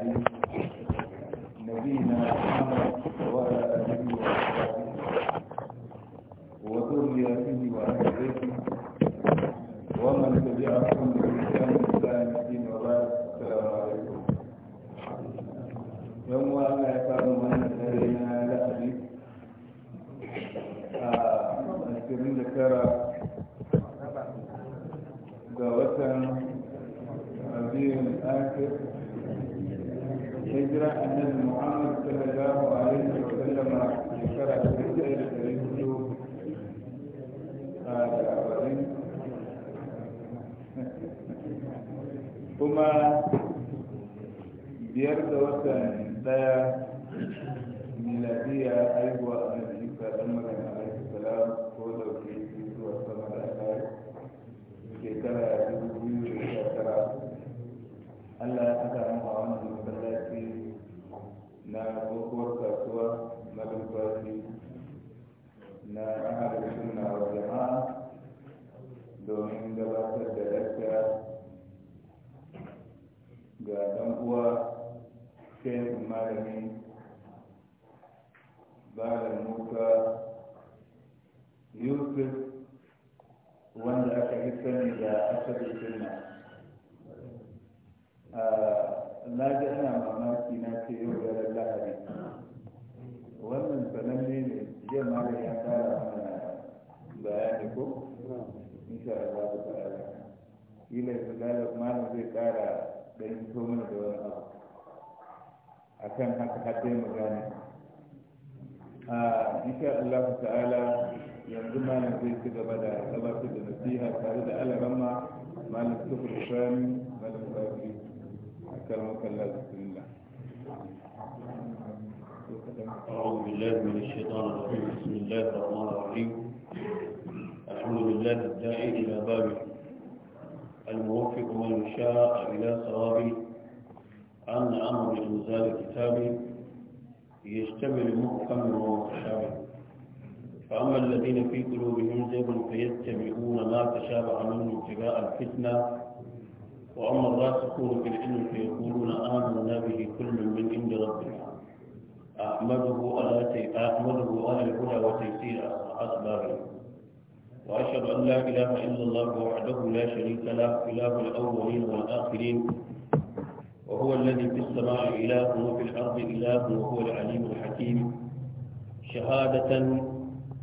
العالمين na tsohuwar kasuwa na lumfashi na ahalar suna wa jama'a domin gabatar da lakta ga ɗan uwa shehin malami bayan musa yusuf wanda aka yi sani da asali sunna ah, na ji ana mamaki na ce yau da wannan sananne ne idan ma da ya tsara mana bayani ko insha Allah ta ala kila yanzu malam zai kara dan fito mana da wani abu akan haka har dai mu gane a insha Allah ta'ala yanzu malam zai ci gaba da gabatar da nasiha tare da alaramma malam tukur sani malam zafi akan makalla bismillah أعوذ بالله من الشيطان الرجيم بسم الله الرحمن الرحيم الحمد لله الداعي إلى بابه الموفق من شاء إلى صوابه أن أمر إنزال كتابه يشتمل محكم ومتشابه فأما الذين في قلوبهم زيغ فيتبعون ما تشابه منه ابتغاء الفتنة وأما الراسخون في العلم فيقولون آمنا به كل من عند ربنا أحمده على أحمده على الهدى وتيسير أسبابه وأشهد أن لا إله إلا الله وحده لا شريك له إله الأولين والآخرين وهو الذي في السماء إله وفي الأرض إله وهو العليم الحكيم شهادة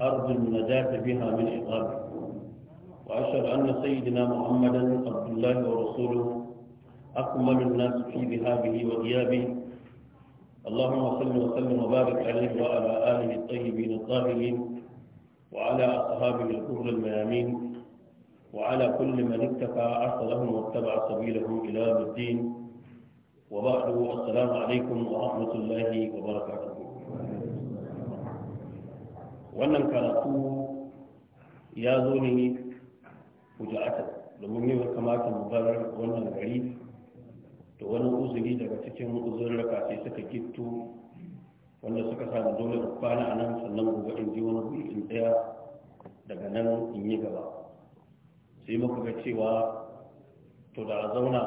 أرض النجاة بها من عقابه وأشهد أن سيدنا محمدا عبد الله ورسوله أكمل الناس في ذهابه وغيابه اللهم صل وسلم وبارك عليه وعلى آله الطيبين الطاهرين وعلى أصحابه الكفر الميامين وعلى كل من اكتفى عصرهم واتبع سبيلهم إلى الدين وبعد السلام عليكم ورحمة الله وبركاته wannan karatu ya zo ne fujatar domin yau kamata mu bar wannan gari da wani uzuri daga cikin uzurraka sai suka gittu wanda suka samu dole da kwana a nan sannan gobe in ji wani guri in tsaya daga nan in yi gaba sai muka ga cewa to da a zauna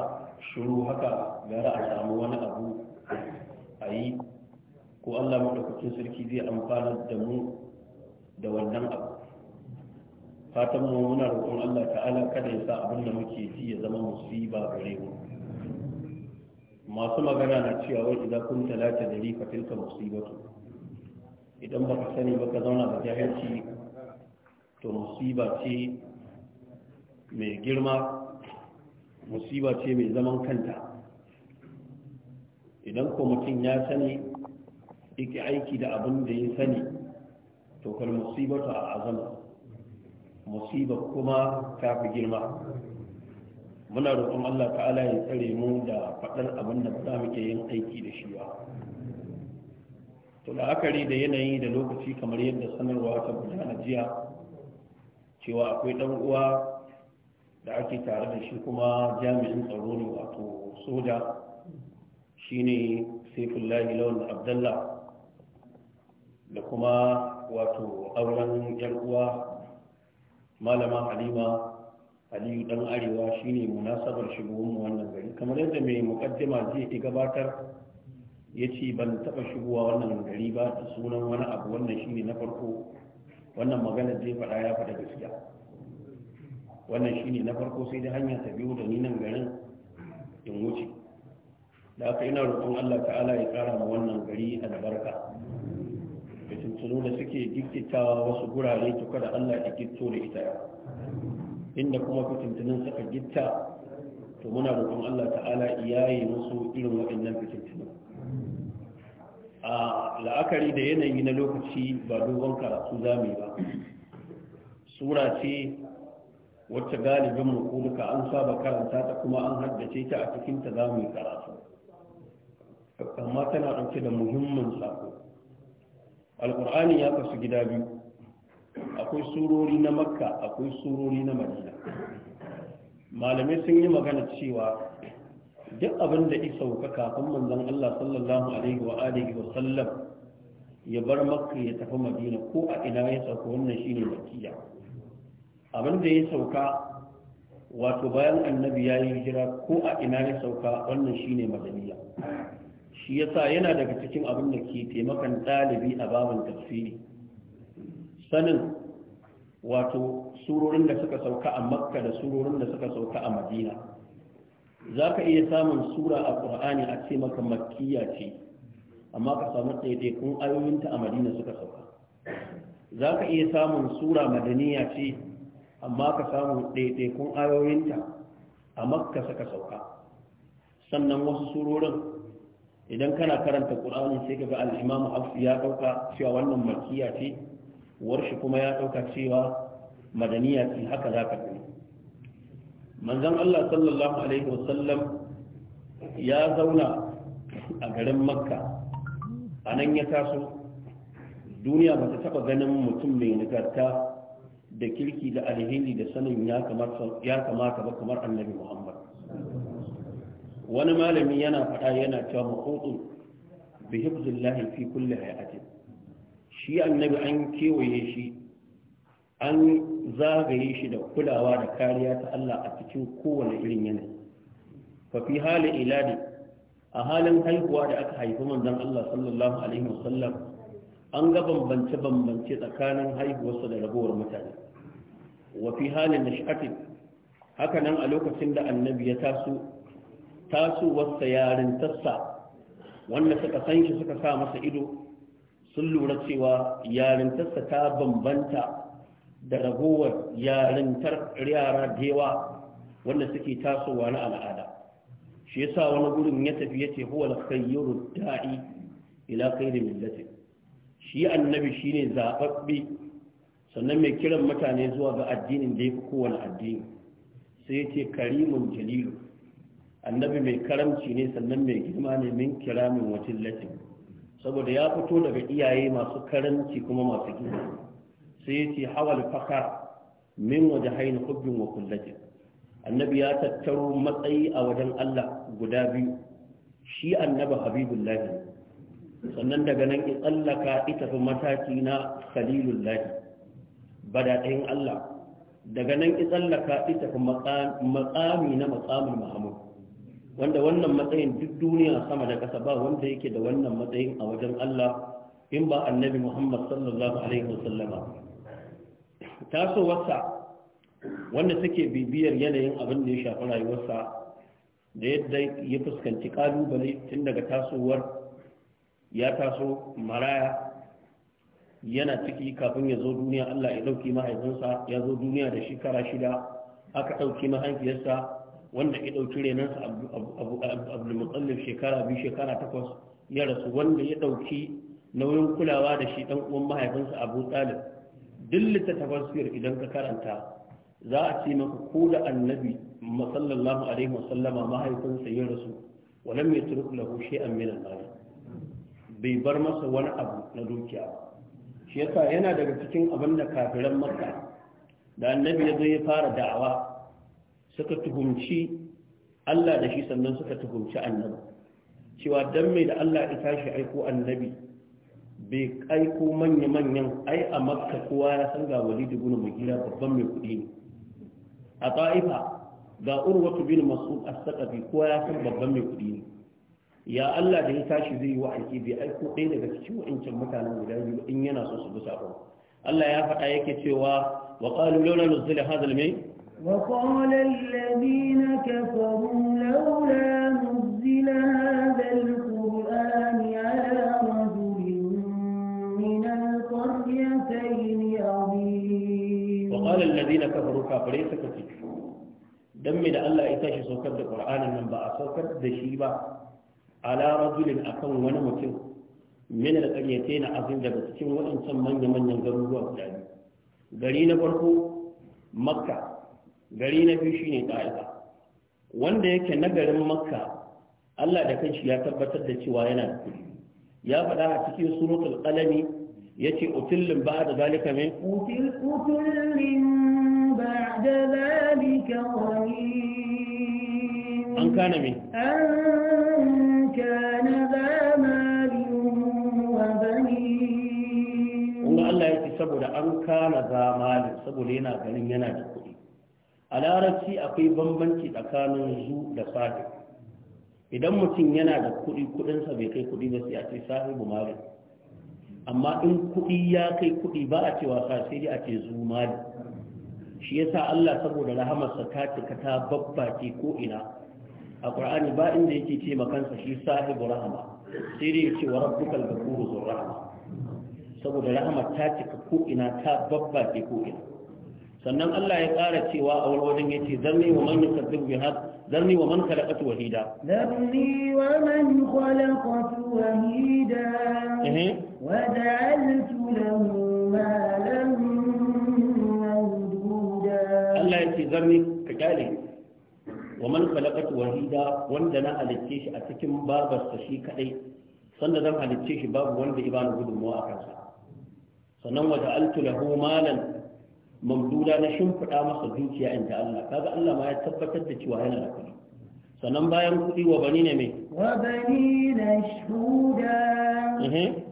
shiru haka gara a samu wani abu a yi ko allah maɗaukakin sarki zai amfana da mu da wannan abu fatan mu muna roƙon allah ta'ala kada ya sa abin da muke ji ya zama musiba gare mu masu magana na cewa wai idan kun talata da rifa tilka musibatu idan ba ka sani ba ka zauna da jahilci to musiba ce mai girma musiba ce mai zaman kanta idan ko mutum ya sani yake aiki da abin da ya sani to kar musibatu a azama musiba kuma ta fi girma muna roƙon Allah ta'ala ya tsare mu da faɗar abin da za muke yin aiki da shi ba to la'akari da yanayi da lokaci kamar yadda sanarwa ta gudana jiya cewa akwai ɗan uwa da ake tare da shi kuma jami'in tsaro ne wato soja shine saifullahi lawan abdallah da kuma wato auren uwa malama halima aliyu dan arewa shine munasabar shigowar mu wannan gari kamar yadda mai mukaddima zai ki gabatar ya ce ban taba shigowa wannan gari ba ta sunan wani abu wannan shine na farko wannan magana zai faɗa ya faɗa gaskiya wannan shine na farko sai da hanyar ta biyu da ni nan garin in wuce da aka ina roƙon Allah ta'ala ya ƙara ma wannan gari albarka da tuntunu da suke giggitawa wasu gurare tuka da Allah ya gitto da ita ya. inda kuma fitintunan suka gitta to muna roƙon Allah ta'ala iyaye musu irin waɗannan fitintunan a la'akari da yanayi na lokaci ba dogon karatu zamu ba sura ce wacce galibin mu ko duka an saba karanta ta kuma an haddace ta a cikin ta yi karatu amma tana ɗauke da muhimmin sako alƙur'ani ya kasu gida biyu akwai surori na makka akwai surori na madina malamai sun yi magana cewa duk abin da isa sauka kafin manzon Allah sallallahu alaihi wa alihi wa sallam ya bar makka ya tafi madina ko a ina ya sauka wannan shine makkiya abin da ya sauka wato bayan annabi ya yi hijira ko a ina ya sauka wannan shine madaniya shi yasa yana daga cikin abin da ke taimakan ɗalibi a babin tafsiri sanin wato surorin da suka sauka a makka da surorin da suka sauka a madina za ka iya samun sura a ƙur'ani a ce maka makkiya ce amma ka samu ɗaiɗaikun ayoyinta a madina suka sauka za ka iya samun sura madaniya ce amma ka samu ɗaiɗaikun ayoyinta a makka suka sauka sannan wasu surorin idan kana karanta ƙur'ani sai ka ga al'imamu ya ɗauka cewa wannan makkiya ce warshi kuma ya ɗauka cewa madaniya ce haka za ka gani manzon Allah sallallahu alaihi wasallam ya zauna a garin makka a nan ya taso duniya ba ta taɓa ganin mutum mai nagarta da kirki da alheri da sanin ya kamata ba kamar annabi muhammad wani malami yana faɗa yana cewa mahutu bi hibzillahi fi kulli hayatin shi annabi an kewaye shi an zagaye shi da kulawa da kariya ta Allah a cikin kowane irin yanayi fa fi hali iladi a halin haihuwa da aka haifi manzon Allah sallallahu alaihi wasallam an ga bambance bambance tsakanin haihuwarsa da rabuwar mutane wa fi halin nash'atin haka nan a lokacin da annabi ya taso tasowarsa yarintarsa wanda suka san shi suka sa masa ido sun lura cewa yarintarsa ta bambanta da ragowar yarintar yara da yawa wanda suke tasowa na al'ada shi yasa wani gurin ya tafi yace huwa al-khayru da'i ila khayri millati shi annabi shine zababbe sannan mai kiran mutane zuwa ga addinin da yafi kowane addini sai yace karimun jalilu annabi mai karamci ne sannan mai girma ne min kiramin wajin latin saboda ya fito daga iyaye masu karanci kuma masu gina sai ce hawal fakar min waje haini hubbin wa kullaje annabi ya tattaro matsayi a wajen Allah guda biyu shi annabi habibullahi sannan daga nan ya tsallaka ita fi mataki na khalilullahi bada ɗayan Allah daga nan ya tsallaka ita fi matsami na matsamin mahamud wanda wannan matsayin duk duniya sama da ƙasa ba wanda yake da wannan matsayin a wajen Allah in ba annabi Muhammad sallallahu alaihi wasallama wasa wanda take bibiyar yanayin abin da ya shafi rayuwarsa da yadda ya fuskanci kalubale tun daga tasowar ya taso maraya yana ciki kafin ya zo duniya Allah ya ɗauki mahaifinsa ya zo duniya da shekara shida aka ɗauki mahaifiyarsa wanda ya ɗauki renansa abdulmutsalif shekara biyu shekara takwas ya rasu wanda ya ɗauki nauyin kulawa da shi ɗan uwan mahaifinsa abu talib duk littattafan idan ka karanta za a ce maka ko da annabi masallallahu alaihi wasallama mahaifinsa ya rasu Wani mai turku lahu an min al bai bar masa wani abu na dukiya shi yasa yana daga cikin abin da kafiran makka da annabi ya zo ya fara da'awa suka tuhumci Allah da shi sannan suka tuhumci annabi cewa dan mai da Allah ya tashi aiko annabi bai aiko manya-manyan ai a makka kowa ya san ga wali da guna magira babban mai kuɗi ne a ta'ifa ga urwatu bin mas'ud as-saqafi kowa ya san babban mai kuɗi ne ya Allah da ya tashi zai yi aiki bai aiko ɗaya daga cikin waɗancan mutanen guda biyu in yana so su bi sabon Allah ya faɗa yake cewa wa qalu lawla nuzila hadha al-mai وقال الذين كفروا لولا نزل هذا القرآن على رجل من القريتين عظيم وقال الذين كفروا كافرين سكتوا dan me da Allah ya tashi saukar da Qur'anin nan ba a saukar da shi ba ala rajulin akan wani mutum min da ƙaryace na azin daga cikin waɗancan manya-manyan garuruwa gari na farko makka gari na biyu shine ta'ifa wanda yake na garin makka Allah da kanshi ya tabbatar da cewa yana da kuɗi ya faɗa a cikin suratul qalami yace utillin ba'da zalika min util utillin da zalika qadim an kana min an kana da Allah saboda an kana zamani saboda yana ganin yana da kuɗi a larabci akwai bambanci tsakanin zu da sahi idan mutum yana da kuɗi kuɗinsa bai kai kuɗi ba sai a ce sahibu mali." amma in kuɗi ya kai kuɗi ba a cewa sa sai dai a ce zu mali. shi yasa Allah saboda rahamarsa ta cika ta babbace ko ina a Qur'ani ba inda yake ce makansa shi sahibu rahama sai dai yace wa rabbukal ghafuru rahama saboda rahama ta cika ko ina ta babbace ko ina sannan Allah ya ƙara cewa a wani wajen yace zarni wa man yukadzib bi had zarni wa man khalaqatu wahida zarni wa man khalaqatu wahida wa ja'altu lahu malan mawduda Allah ya ce zarni ka kyale wa man khalaqatu wahida wanda na halicce shi a cikin babarsa shi kadai sanda zan halicce shi babu wanda ibanu gudunmawa a kansa sannan wa ja'altu lahu malan mamduda na shimfiɗa masa zuciya in ta Allah kaga Allah ma ya tabbatar da cewa yana da kuɗi sannan bayan kuɗi wa bani ne mai wa bani na shuda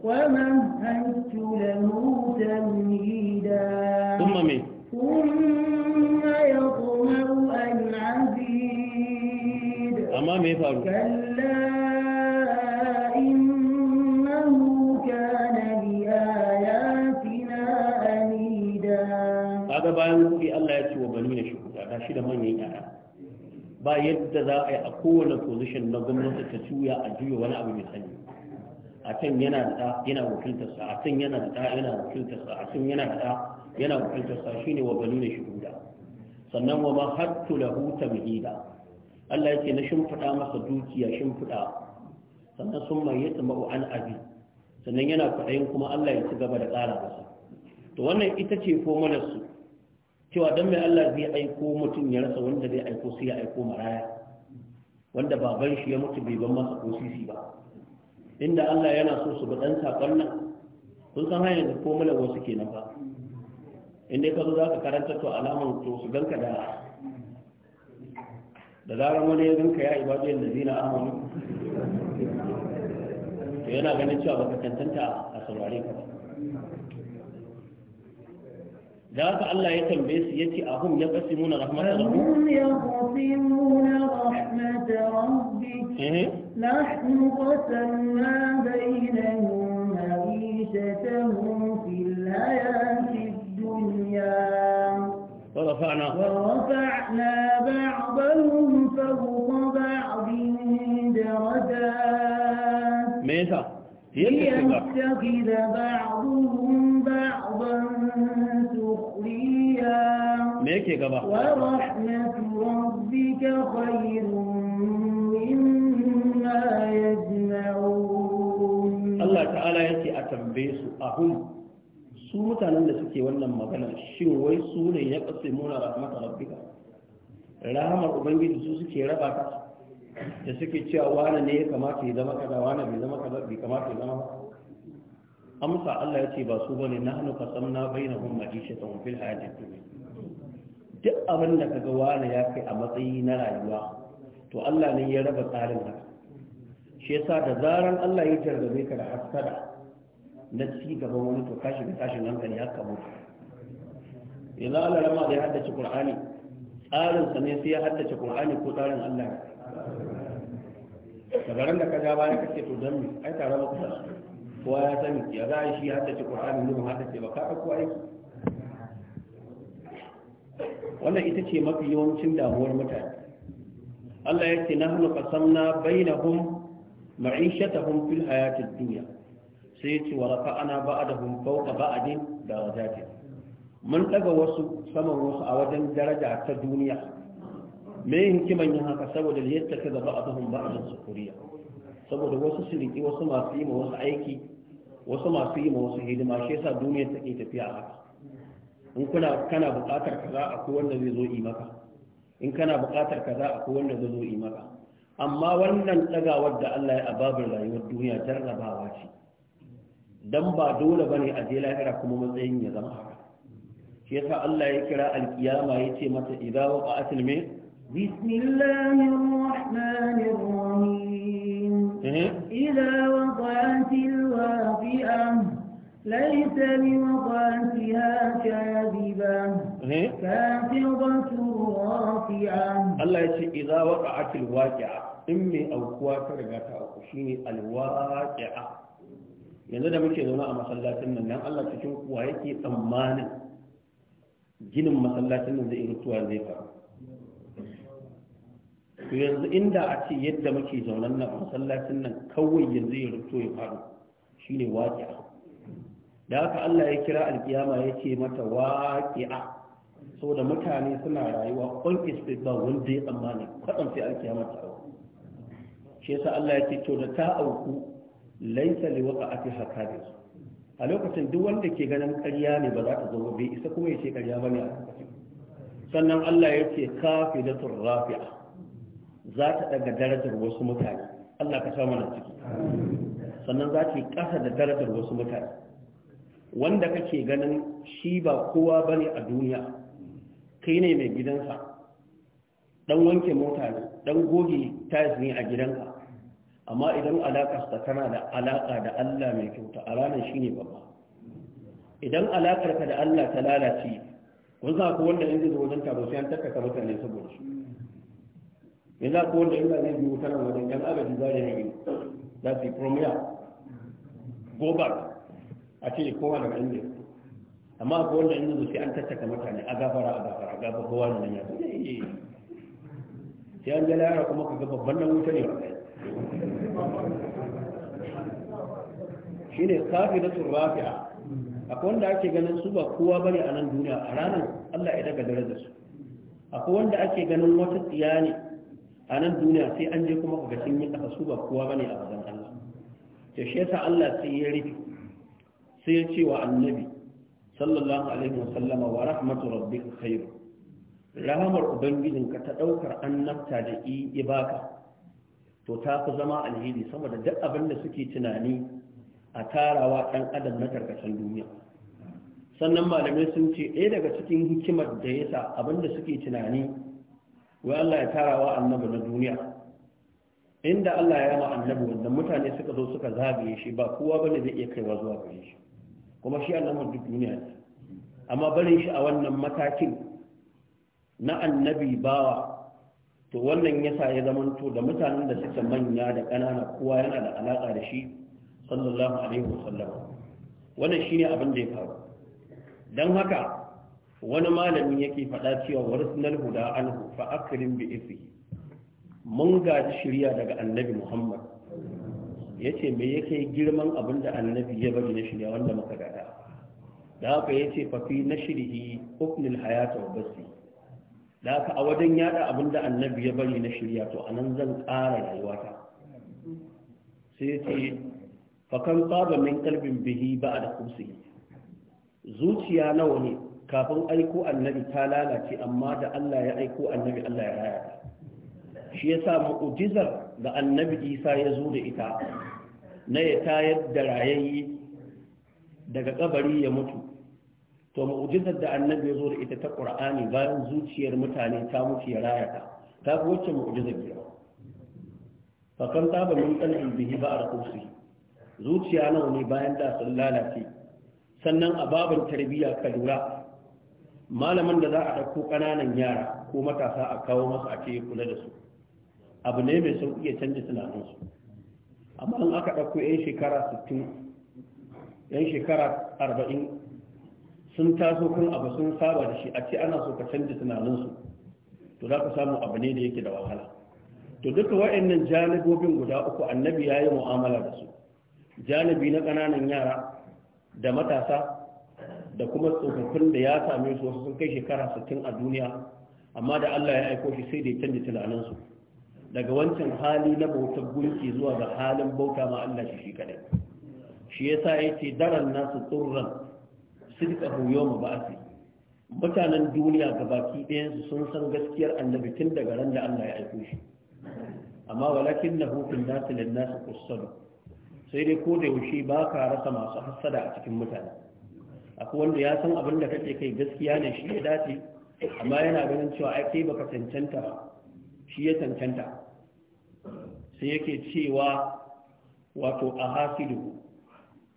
wa man hantu lahu tamhida kuma me kuma ya kuma al-azid amma me faru kalla bayan kuɗi Allah ya ce wa bani na shuhuda ga shi da manyan yara ba yadda za a yi a kowane position na gwamnati ta tuya a juya wani abu mai sani a can yana da yana wakiltar sa a can yana da yana wakiltar sa a can yana da yana wakiltar sa shine wa bani na shuhuda sannan wa ma hattu lahu tamhida Allah yake na shimfiɗa masa dukiya shimfiɗa sannan sun mai yata ma'u an abi sannan yana kwaɗayin kuma Allah ya ci gaba da ƙara masa to wannan ita ce formular su cewa don mai Allah zai aiko mutum ya rasa wanda zai aiko sai ya aiko maraya wanda baban shi ya mutu bai ban masa ko sisi ba inda Allah yana so su ga dan sakon nan kun san hanyar da komula wasu kenan ba inda ka zo za ka karanta to alaman to su ganka da da zarar wani ya ganka ya ibadu yadda zina amanu to yana ganin cewa baka tantanta a saurare ka ba da haka Allah ya tambaye su yace ahum ya qasimuna rahmatar rabbi hum yaqsimuna rahmat rabbik nahnu qasamna bainahum ma'ishatahum fil hayatid dunya ورفعنا ورفعنا بعضهم فوق بعض درجات ميسا ليتخذ بعضهم بعضا سخريا ورحمة ربك خير مما يجمعون الله su mutanen da suke wannan magana shi wai su ne ya kasu muna rahmatar rabbika rahamar ubangiji su suke raba ta da suke cewa wani ne ya kamata ya zama kaza wani bai zama kada, bai kamata ya zama amsa Allah ya ce ba su bane na hannu kasam na bayyana hun ma'isha ta hun fil hajji duk abin da kaga wani ya kai a matsayi na rayuwa to Allah ne ya raba tsarin haka shi yasa da zaran Allah ya jarrabe ka da hasada na ci gaban wani to kashi da tashin hankali ya mutu yanzu Allah rama da ya haddace Qur'ani tsarin sa ne sai ya haddace Qur'ani ko tsarin Allah daga ran da ka ja baya kake to dan mi ai tare muku kusa kowa ya sani ya za a shi haddace qur'ani ne haddace ce ba ka ɗauko aiki wannan ita ce mafi yawancin damuwar mutane Allah ya ce na hannu kasamna bainahum ma'ishatahum fil hayatid dunya sai ya ce wa rafa'ana ba'dahum fawqa ba'din darajatin mun daga wasu saman wasu a wajen daraja ta duniya me yin hikiman yin haka saboda yadda ka gaba abuhun ba a sukuriya saboda wasu shirki, wasu masu yi ma wasu aiki wasu masu yi ma wasu hidima shi yasa duniyar take tafiya haka in kuna kana buƙatar kaza akwai wanda zai zo yi maka in kana buƙatar kaza akwai wanda zai zo yi maka amma wannan tsagawar da Allah ya ababin rayuwar duniya jarrabawa ce dan ba dole bane a je lahira kuma matsayin ya zama haka shi yasa Allah ya kira alkiyama yace mata idza waqa'atil mai بسم الله الرحمن الرحيم إذا وقعت الواقعة ليس لوقعتها كاذبة كاذبة رافعة الله يقول إذا وقعت الواقعة إمي أو كواتر غاتا أو شيني الواقعة yanzu da muke zaune a masallacin nan dan Allah cikin kuwa yake tsammanin ginin masallacin nan zai rutuwa zai faru to yanzu inda a ce yadda muke zaunan nan masallacin nan kawai yanzu ya rubuto ya faru shine waqi'a da haka Allah ya kira alƙiyama ya ce mata waqi'a saboda mutane suna rayuwa on istiba wanda ya tsammani kwadan sai alƙiyama ta auku shi yasa Allah ya ce to da ta auku laisa li waqa'atiha kadir a lokacin duk wanda ke ganin ƙarya ne ba za ta zo bai isa kuma ya ce ƙarya bane a lokacin sannan Allah ya ce kafilatur rafi'a za ta daga darajar wasu mutane Allah ka samu na ciki sannan za ta yi ƙasa da darajar wasu mutane wanda kake ganin shi ba kowa ba ne a duniya kai ne mai gidansa dan wanke mota ne dan goge tayis ne a gidanka amma idan alaƙarsa tana da alaƙa da Allah mai kyauta a ranar shi ne babba idan alaƙarka da Allah ta lalace kun sa ku wanda yanzu zo wajen taro sai an takkata mutane saboda shi yanzu ko wanda ina zai biyu tana wajen yan agaji da da yi za su yi promiya gobar a ce kowa daga inda amma ko wanda inda zuci an tattaka mutane a gafara a gafara a gafara kowa da nan sai an jala yara kuma ka gaba babban wuta ne shi ne kafi na turrafi'a akwai wanda ake ganin su ba kowa bane a nan duniya a ranar Allah ya daga darajar su akwai wanda ake ganin wata tsiya ne a nan duniya sai an je kuma ga sun yi kasa su ba kowa bane a wajen Allah to shi yasa Allah sai ya rufe sai ya ce wa annabi sallallahu alaihi sallama wa rahmatu rabbika khair rahamar ubangijinka ta ɗaukar annabta da i ibaka to ta fi zama alheri sama da duk abin da suke tunani a tarawa ɗan adam na karkashin duniya sannan malamai sun ce ɗaya daga cikin hikimar da yasa abin da suke tunani wai Allah ya tarawa annabi na duniya inda Allah ya rama annabi wanda mutane suka zo suka zagaye shi ba kowa bane zai iya kaiwa zuwa gare shi kuma shi annabi duk duniya ne amma barin shi a wannan matakin na annabi bawa to wannan yasa ya zamanto da mutanen da suka manya da ƙanana kowa yana da alaƙa da shi sallallahu alaihi wasallam wannan shine abin da ya faru don haka wani malami yake faɗa cewa warisnal huda anhu fa akrim bi ismihi mun gaji shirya daga annabi muhammad yace me yake girman abin da annabi ya bari na shirya wanda muka gada da haka yace fa fi nashrihi ufnil hayata wa basi da haka a wajen yada abin da annabi ya bari na shirya to anan zan ƙara rayuwata sai yace fa kan qaba min qalbin bihi ba'da kursi zuciya nawa ne kafin aiko annabi ta lalace amma da Allah ya aiko annabi Allah ya raya shi ya yasa mu'jizar da annabi Isa ya zo da ita na ya tayar da rayayi daga kabari ya mutu to mu'jizar da annabi ya zo da ita ta Qur'ani bayan zuciyar mutane ta mutu ya raya ta ta fi wacce mu'jizar biyu fa kan ba min qalbi bihi ba a kursi zuciya nawa ne bayan da sun lalace sannan a babin tarbiyya ka lura malamin da za a ɗauko ƙananan yara ko matasa a kawo masa a ce kula da su abu ne mai sauƙi ya canza tunaninsu amma in aka ɗauko 'yan shekara 60 'yan shekara 40 sun taso kan abu sun saba da shi a ce ana so ka canza tunaninsu to za ka samu abu ne da yake da wahala to duka wa'annan janibobin guda uku annabi ya yi mu'amala da su janibi na ƙananan yara da matasa da kuma tsofaffin da ya same su wasu sun kai shekara sittin a duniya amma da Allah ya aiko shi sai da ya canja tunaninsu daga wancan hali na bautar gunki zuwa ga halin bauta ma Allah shi shi kadai shi yasa ce, daren nasu tsurran sidqa hu yawm ba'ath mutanen duniya ga baki su sun san gaskiyar annabi tun daga ran da Allah ya aiko shi amma walakin na hukun nasu lannasu nas sai dai ko da yaushe ba ka rasa masu hasada a cikin mutane akwai wanda ya san abin da kake kai gaskiya ne shi ya dace amma yana ganin cewa ai kai baka cancanta shi ya cancanta sai yake cewa wato a hasidu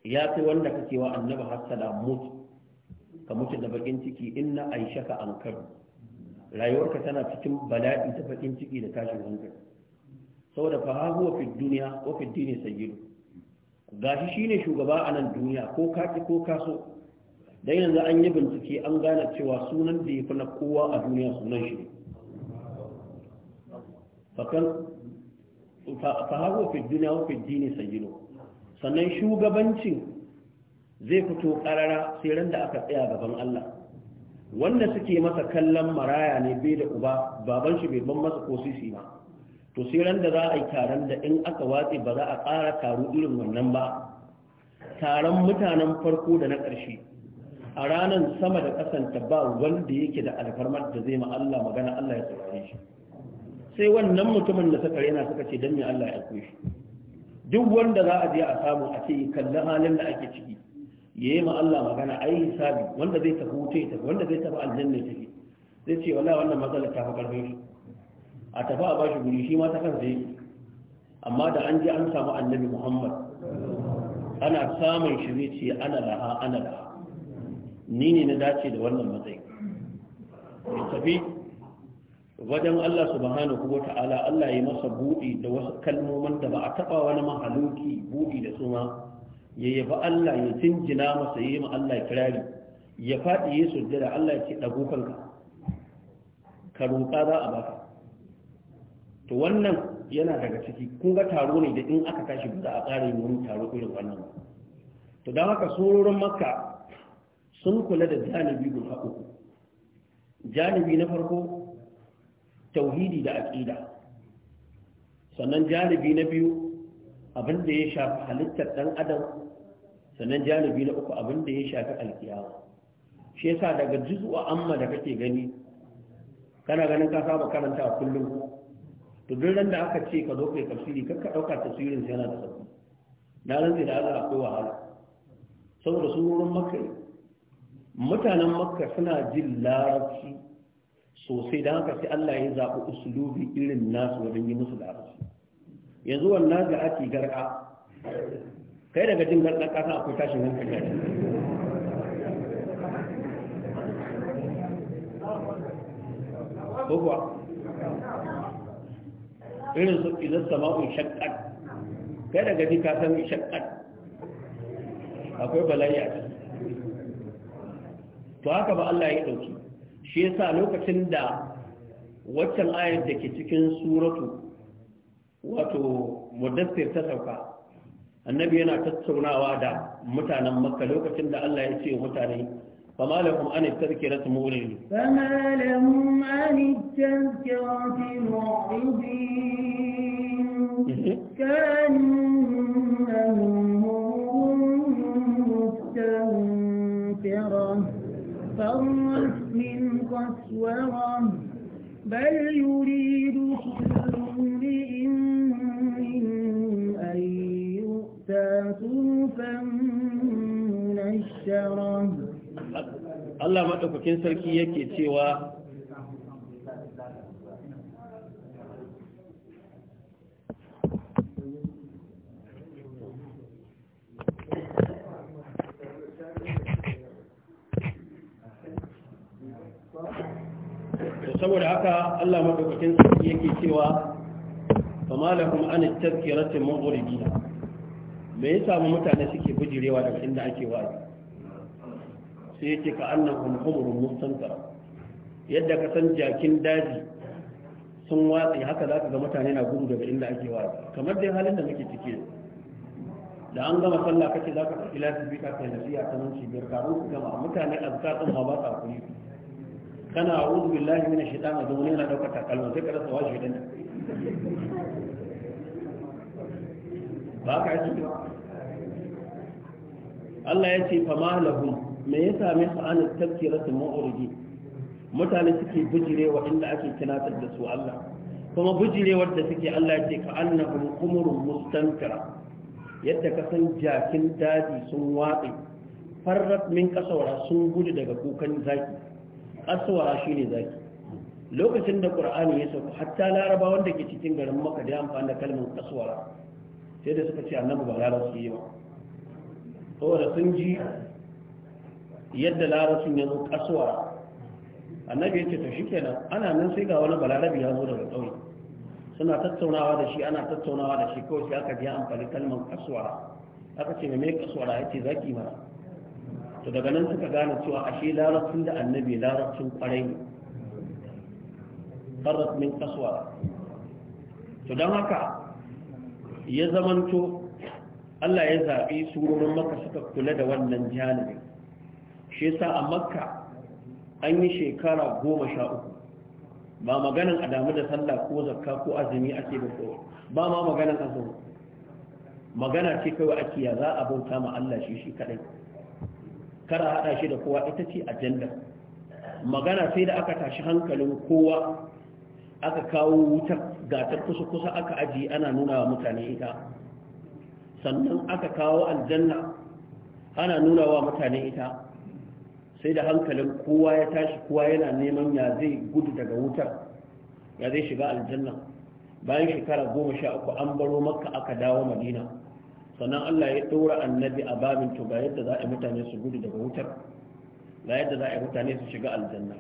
ya kai wanda kake wa annaba hassada mutu ka mutu da bakin ciki inna ka an karu rayuwarka tana cikin bala'i ta bakin ciki da tashin hankali saboda fa huwa fi dunya wa fi dini sayyidu gashi shine shugaba a nan duniya ko ka ko ka so dan yanzu an yi bincike an gane cewa sunan da ya fi na kowa a duniya sunan shi fahawo fi duniya wa fi dini sayyino sannan shugabancin zai fito karara sai ran da aka tsaya gaban Allah wanda suke masa kallon maraya ne bai da uba baban shi bai ban masa ko ba to sai ran da za a yi taron da in aka watse ba za a ƙara karu irin wannan ba taron mutanen farko da na ƙarshe a ranar sama da kasanta ba wanda yake da alfarmar da zai ma Allah magana Allah ya saurare shi sai wannan mutumin da suka rena suka ce dan me Allah ya aiko shi duk wanda za a je a samu a ce kalli halin da ake ciki yayi ma Allah magana a ai sabi wanda zai tafi wuce tafi wanda zai tafi aljanna tafi zai ce wallahi wannan matsalar ta fi karfin shi a tafi a bashi guri shi ma ta kansa yake amma da an je an samu annabi Muhammad ana samun shi zai ce ana laha ana laha ni ne na dace da wannan matsayi ya tafi wajen Allah subhanahu wa ta'ala Allah ya masa buɗi da wasu kalmomin da ba a taɓa wani mahaluki buɗi da suma ya yabi Allah ya jinjina masa yi ma Allah kirari ya faɗi ya sujjada Allah ya ce ɗago kanka ka roƙa za a baka to wannan yana daga ciki kun ga taro ne da in aka tashi ba za a ƙara yin wani taro irin wannan to don haka sororin makka sun kula da janibi guda uku janibi na farko tauhidi da aƙida sannan janibi na biyu abin da ya shafi halittar ɗan adam sannan janibi na uku abin da ya shafi alkiyawa shi yasa daga juzuwa amma da kake gani kana ganin ka saba karanta a kullum to duk ran da aka ce ka zo kai tafsiri kar ka ɗauka tafsirin yana da sauki na rantsi da Allah akwai wahala saboda su wurin makai mutanen makka suna jin larabci sosai don haka sai Allah ya zaɓi usulubi irin nasu wajen yi musu larabci yanzu wannan ga ake garka kai daga jin garka kasa akwai tashin hankali ko Bukwa, irin su idan sama'un shakkat kai daga ji kasan shakkat akwai bala'i a ciki to haka ba Allah ya ɗauki shi yasa lokacin da waccan ayar da ke cikin suratu wato mudassir ta sauka annabi yana tattaunawa da mutanen makka lokacin da Allah ya ce mutane fama lahum an tadhkiratu mu'minin fama lahum an tadhkiratu mu'minin kan فرت من قسورة بل يريد كل امرئ منهم أن يؤتى صوفا منشرا Allah maɗaukakin sarki yake cewa saboda haka Allah madaukakin sarki yake cewa fama lahum an tadhkirati mu'ridina me yasa mu mutane suke bijirewa daga inda ake wa'azi sai yake ka annahum humurun mustantara yadda ka san jakin daji sun watsi haka za ka ga mutane na gudu daga inda ake watsi kamar dai halin da muke ciki da an gama sallah kace za ka tafi lafiya ka kai nasiha ta nan biyar kafin su gama mutane azka din ba ba sa kuri kana a'udhu billahi minash shaitani da wani yana daukar takalma sai ka rasa wa shaitan ba Allah ya ce fa ma lahum me ya same su an tafsiratul mu'ridi mutane suke bijirewa inda ake tunatar da su Allah kuma bijirewar da suke Allah ya ce ka annahum umurun mustankara yadda ka san jakin daji sun watsi farrat min kasawara sun gudu daga kukan zaki aswara ne zaki lokacin da qur'ani ya sauka hatta laraba wanda ke cikin garin maka da amfani da kalmar aswara sai da suka ce annabi ba larabci yi ba saboda sun ji yadda larabcin ya zo aswara annabi ya ce to shikenan ana nan sai ga wani balarabi ya zo daga ƙauye suna tattaunawa da shi ana tattaunawa da shi kawai sai aka ji amfani kalmar aswara aka ce mai kaswara ya ce zaki mara to daga nan suka gane cewa ashe larabcin da annabi larabcin kwarai ne farat min kaswa to don haka ya zamanto Allah ya zaɓi surorin maka suka kula da wannan janibi shi yasa a makka an yi shekara goma sha uku ba maganin a damu da sallah ko zakka ko azumi ake da kowa ba ma maganin azumi magana ce kawai ake ya za a bauta ma Allah shi shi kaɗai kar a haɗa shi da kowa ita ce ajandar magana sai da aka tashi hankalin kowa aka kawo wutar gatar kusa-kusa aka ajiye ana nuna wa mutane ita sannan aka kawo aljanna ana nuna wa mutane ita sai da hankalin kowa ya tashi kowa yana neman ya zai gudu daga wutar ya zai shiga aljanna bayan shekara goma sha uku an baro makka aka dawo madina sannan Allah ya ɗora annabi a babin to ga yadda za a yi mutane su gudu daga wutar ga yadda za a yi mutane su shiga aljanna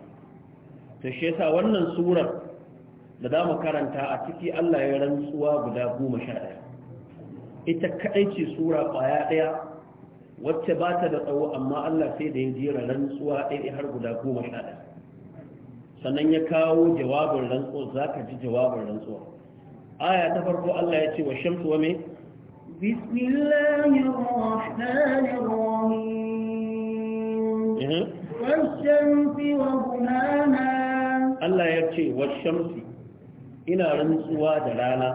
to shi yasa wannan surar da za mu karanta a ciki Allah ya rantsuwa guda goma sha ɗaya ita kaɗai ce sura ƙwaya ɗaya wacce ba ta da tsawo amma Allah sai da ya jera rantsuwa ɗaya har guda goma sha ɗaya sannan ya kawo jawabin rantsuwa za ka ji jawabin rantsuwa aya ta farko Allah ya ce wa shamsu wa me بسم الله الرحمن الرحيم والشمس وضحاها الله يرشي والشمس إنا رنسوا دلالا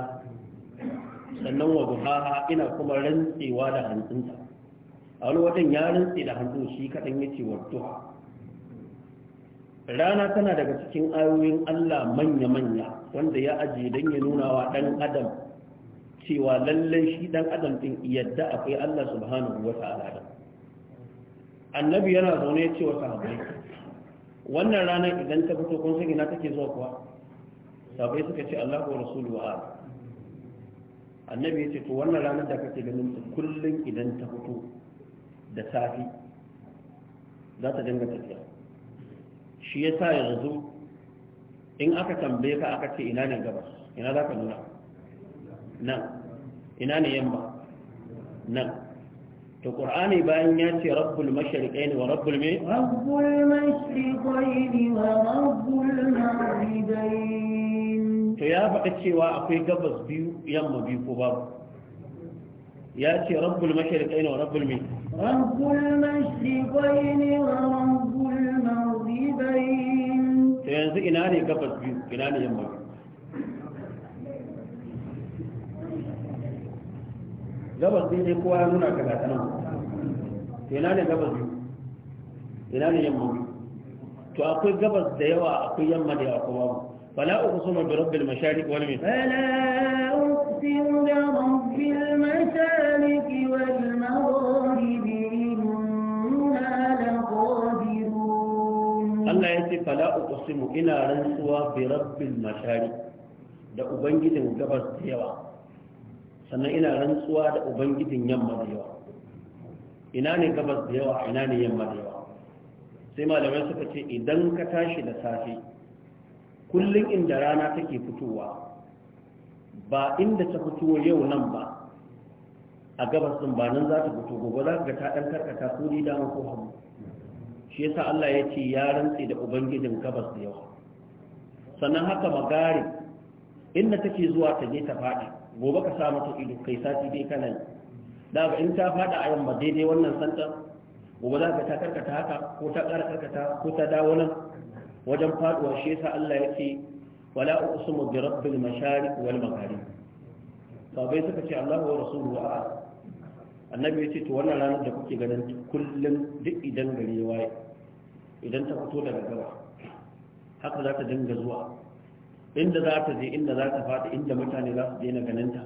sannan wa duhaha ina kuma rantsewa da hantsinta a wani wajen ya rantse da hantsin shi kaɗan ya ce wartuwa rana tana daga cikin ayoyin allah manya-manya wanda ya ajiye don ya nuna wa ɗan adam cewa lallai shi dan adam din yadda akwai Allah subhanahu wa ta'ala annabi yana zaune ya ce wa sahabbai wannan rana idan ta fito kun san ina take zuwa kuwa sahabbai suka ce Allahu wa rasuluhu wa annabi ya ce to wannan rana da kake ganin ta kullun idan ta fito da safi za ta dinga tafiya shi yasa yanzu in aka tambaye ka aka ce ina ne gabas ina za ka nuna nan ina ne yamma nan to qur'ani bayan ya ce rabbul mashriqain wa rabbul mai rabbul mashriqain wa rabbul maghribain to ya faɗa cewa akwai gabas biyu yamma biyu ko babu ya ce rabbul mashriqain wa rabbul mai rabbul mashriqain wa rabbul maghribain to yanzu ina ne gabas biyu ina ne yamma biyu gabas sai dai kowa ya nuna ka ta nan ina ne gabas ina ne yamma to akwai gabas da yawa akwai yamma da yawa kuma fala uqsimu bi rabbil mashariq wal maghrib fala uqsimu bi rabbil mashariq wal maghrib inna laqadirun Allah fala uqsimu ina rantsuwa bi rabbil mashariq da ubangijin gabas da yawa sannan ina rantsuwa da ubangijin yamma da yawa ina ne gabas da yawa ina ne yamma da yawa sai malamai suka ce idan ka tashi da safe kullum inda rana take fitowa ba inda ta fito yau nan ba a gabas din ba nan za ta fito gobe za ka ga ta ɗan karkata ko ni dama ko hagu shi yasa Allah ya ce ya rantsi da ubangijin gabas da yawa sannan haka magari inda take zuwa ta je ta faɗi gobe ka sa mata ido kai sati dai kana yi daga in ta fada a yamma daidai wannan santan gobe za ka ta karkata haka ko ta ƙara karkata ko ta dawo nan wajen faduwa shi yasa Allah ya ce wala uqsimu bi rabbil mashariq wal magharib sabai suka ce Allahu wa rasuluhu a annabi ya ce to wannan ranar da kuke ganin kullum duk idan gari ya waye idan ta fito daga gaba haka za ta dinga zuwa inda za ta je inda za ta faɗi inda mutane za su daina ganinta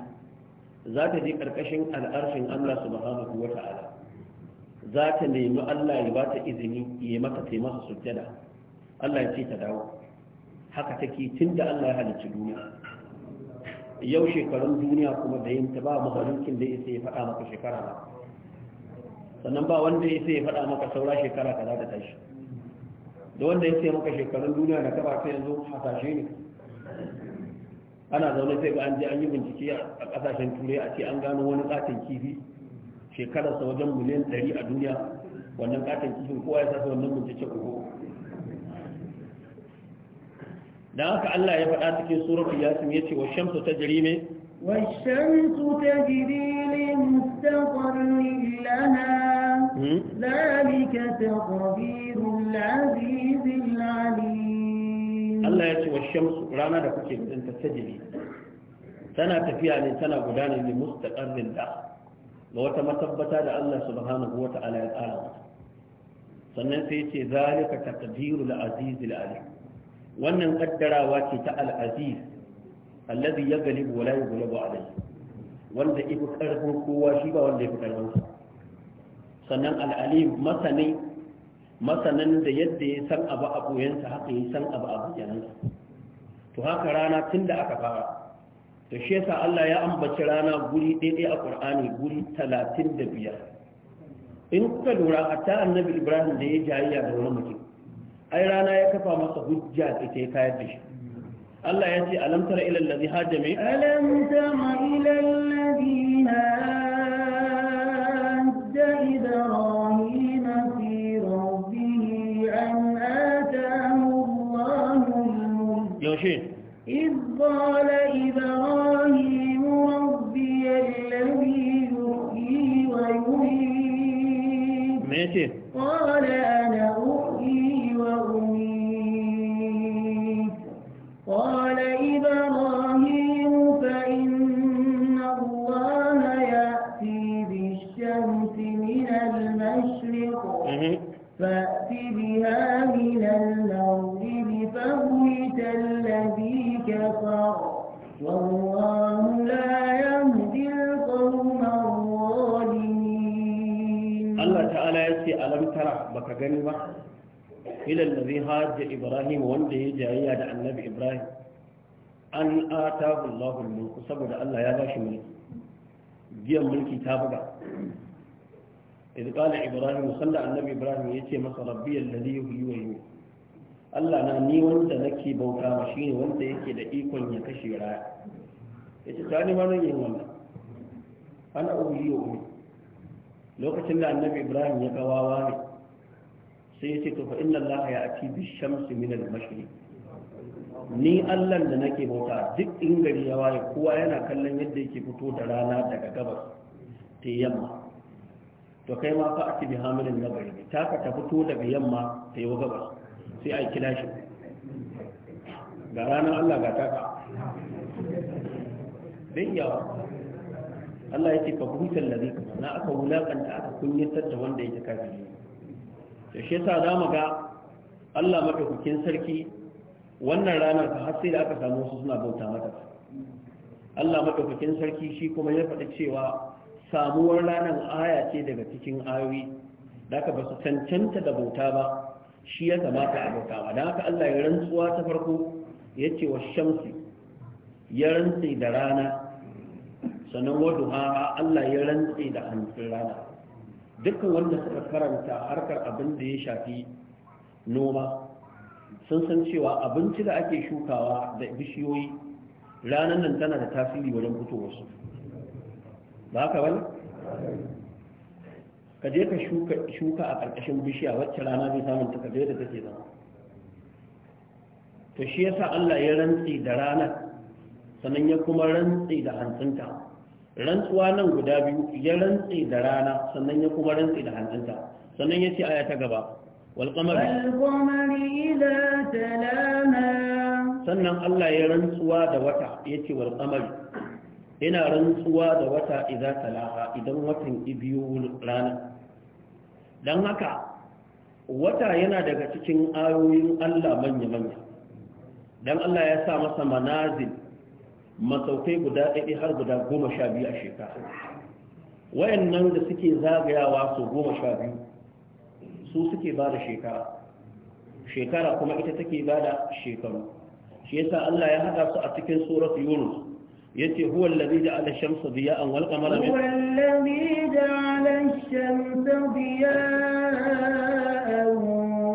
za ta je ƙarƙashin al'arshin Allah subhanahu wa ta'ala za ta nemi Allah ya ba ta izini ya mata taimaka masa sujjada Allah ya ce ta dawo haka take tun da Allah ya halicci duniya yau shekarun duniya kuma da yin ta ba mahalukin da ya ya faɗa maka shekara ba sannan ba wanda ya ya faɗa maka saura shekara kaza da tashi da wanda ya maka shekarun duniya da kaba ta yanzu hasashe ne ana zaune sai ga an je an yi bincike a kasashen turai a ce an gano wani katin kifi shekararsa wajen miliyan 100 a duniya wannan katin kifin kowa ya sasa wannan bincike ko dan haka Allah ya faɗa cikin suratul yasin yace wa shamsu tajri ne والشمس تجري لمستقر لها ذلك تقدير العزيز العليم Allah ya ce wa shamsu rana da kuke gudun ta tana tafiya ne tana gudana ne mustaqarrin da ga wata matabbata da Allah subhanahu wa ta'ala ya tsara sannan sai ce zalika taqdirul aziz alim wannan kaddarawa ce ta al-aziz alladhi yaghlibu wa la yughlabu alayhi wanda ibu karfin kowa shi ba wanda ya fi karfin sa sannan al-alim masani masanin da yadda ya san abu a ɓoyensa haka ya san abu a bayanansa to haka rana tun da aka fara to shi yasa Allah ya ambaci rana guri ɗaya a ƙur'ani guri biyar? in kuka lura a ta annabi Ibrahim da ya jayayya da wani mutum ai rana ya kafa masa hujja ita ya kayar da shi Allah ya ce alam tara ila allazi hajjame alam tara shi ibbala ibrahim rabbi alladhi yuhyi wa yumeet gani ba ilal ladhi hajja ibrahim wanda ya jayayya da annabi ibrahim an ata Allahu al-mulku saboda Allah ya bashi mulki giyan mulki ta buga idh qala ibrahim salla annabi ibrahim ya ce masa rabbi alladhi yuhyi wa yumiit Allah na ni wanda nake bauta ma shine wanda yake da ikon ya kashe raya yace ta ni ma nan yin wannan ana ubi yo lokacin da annabi ibrahim ya kawawa ne sai ya ce to fa inna Allah ya ati bi shamsi min al mashriq ni Allah da nake bauta duk in gari ya waye kowa yana kallon yadda yake fito da rana daga gabas ta yamma to kai ma fa ati bi hamilin nabari ta ka ta fito daga yamma ta yau gabas sai a kira shi ga ranar Allah ga taka bin yawa Allah ya ce fa kuhutar lari na aka wulakanta aka kunyatar da wanda yake kafiri da shi yasa za mu ga Allah madaukakin sarki wannan ranar ta har da aka samu wasu suna bauta mata Allah madaukakin sarki shi kuma ya faɗi cewa samuwar ranar aya ce daga cikin ayoyi da aka ba su cancanta da bauta ba shi ya kamata a bauta ba da haka Allah ya rantsuwa ta farko ya ce wa shamsi ya rantsi da rana sannan wadu ha Allah ya rantsi da hantsin rana dukkan wanda suka karanta harkar abin da ya shafi noma sun san cewa abinci da ake shukawa da bishiyoyi ranar nan tana da tasiri wajen fitowarsu ba haka wani ka je ka shuka a ƙarƙashin bishiya wacce rana zai samun ta kaje da take zama to shi yasa Allah ya rantsi da ranar sannan ya kuma rantsi da hantsinta rantsuwa nan guda biyu ya rantsi da rana sannan ya kuma rantsi da hannunta sannan ya ce aya ta gaba Walƙamari sannan Allah ya rantsuwa da wata yace wal walƙamari ina rantsuwa da wata idza talaha idan watan ibiyu rana dan haka wata yana daga cikin ayoyin Allah manya manya dan Allah ya sa masa manazil masaukai guda ɗaiɗai har guda goma sha biyu a shekara wayannan da suke zagayawa su goma sha biyu su suke ba da shekara shekara kuma ita take ba da shekaru shi yasa Allah ya haɗa su a cikin surat yunus yace huwa alladhi ja'ala ash-shamsa diya'an wal qamara huwa alladhi ja'ala ash-shamsa diya'an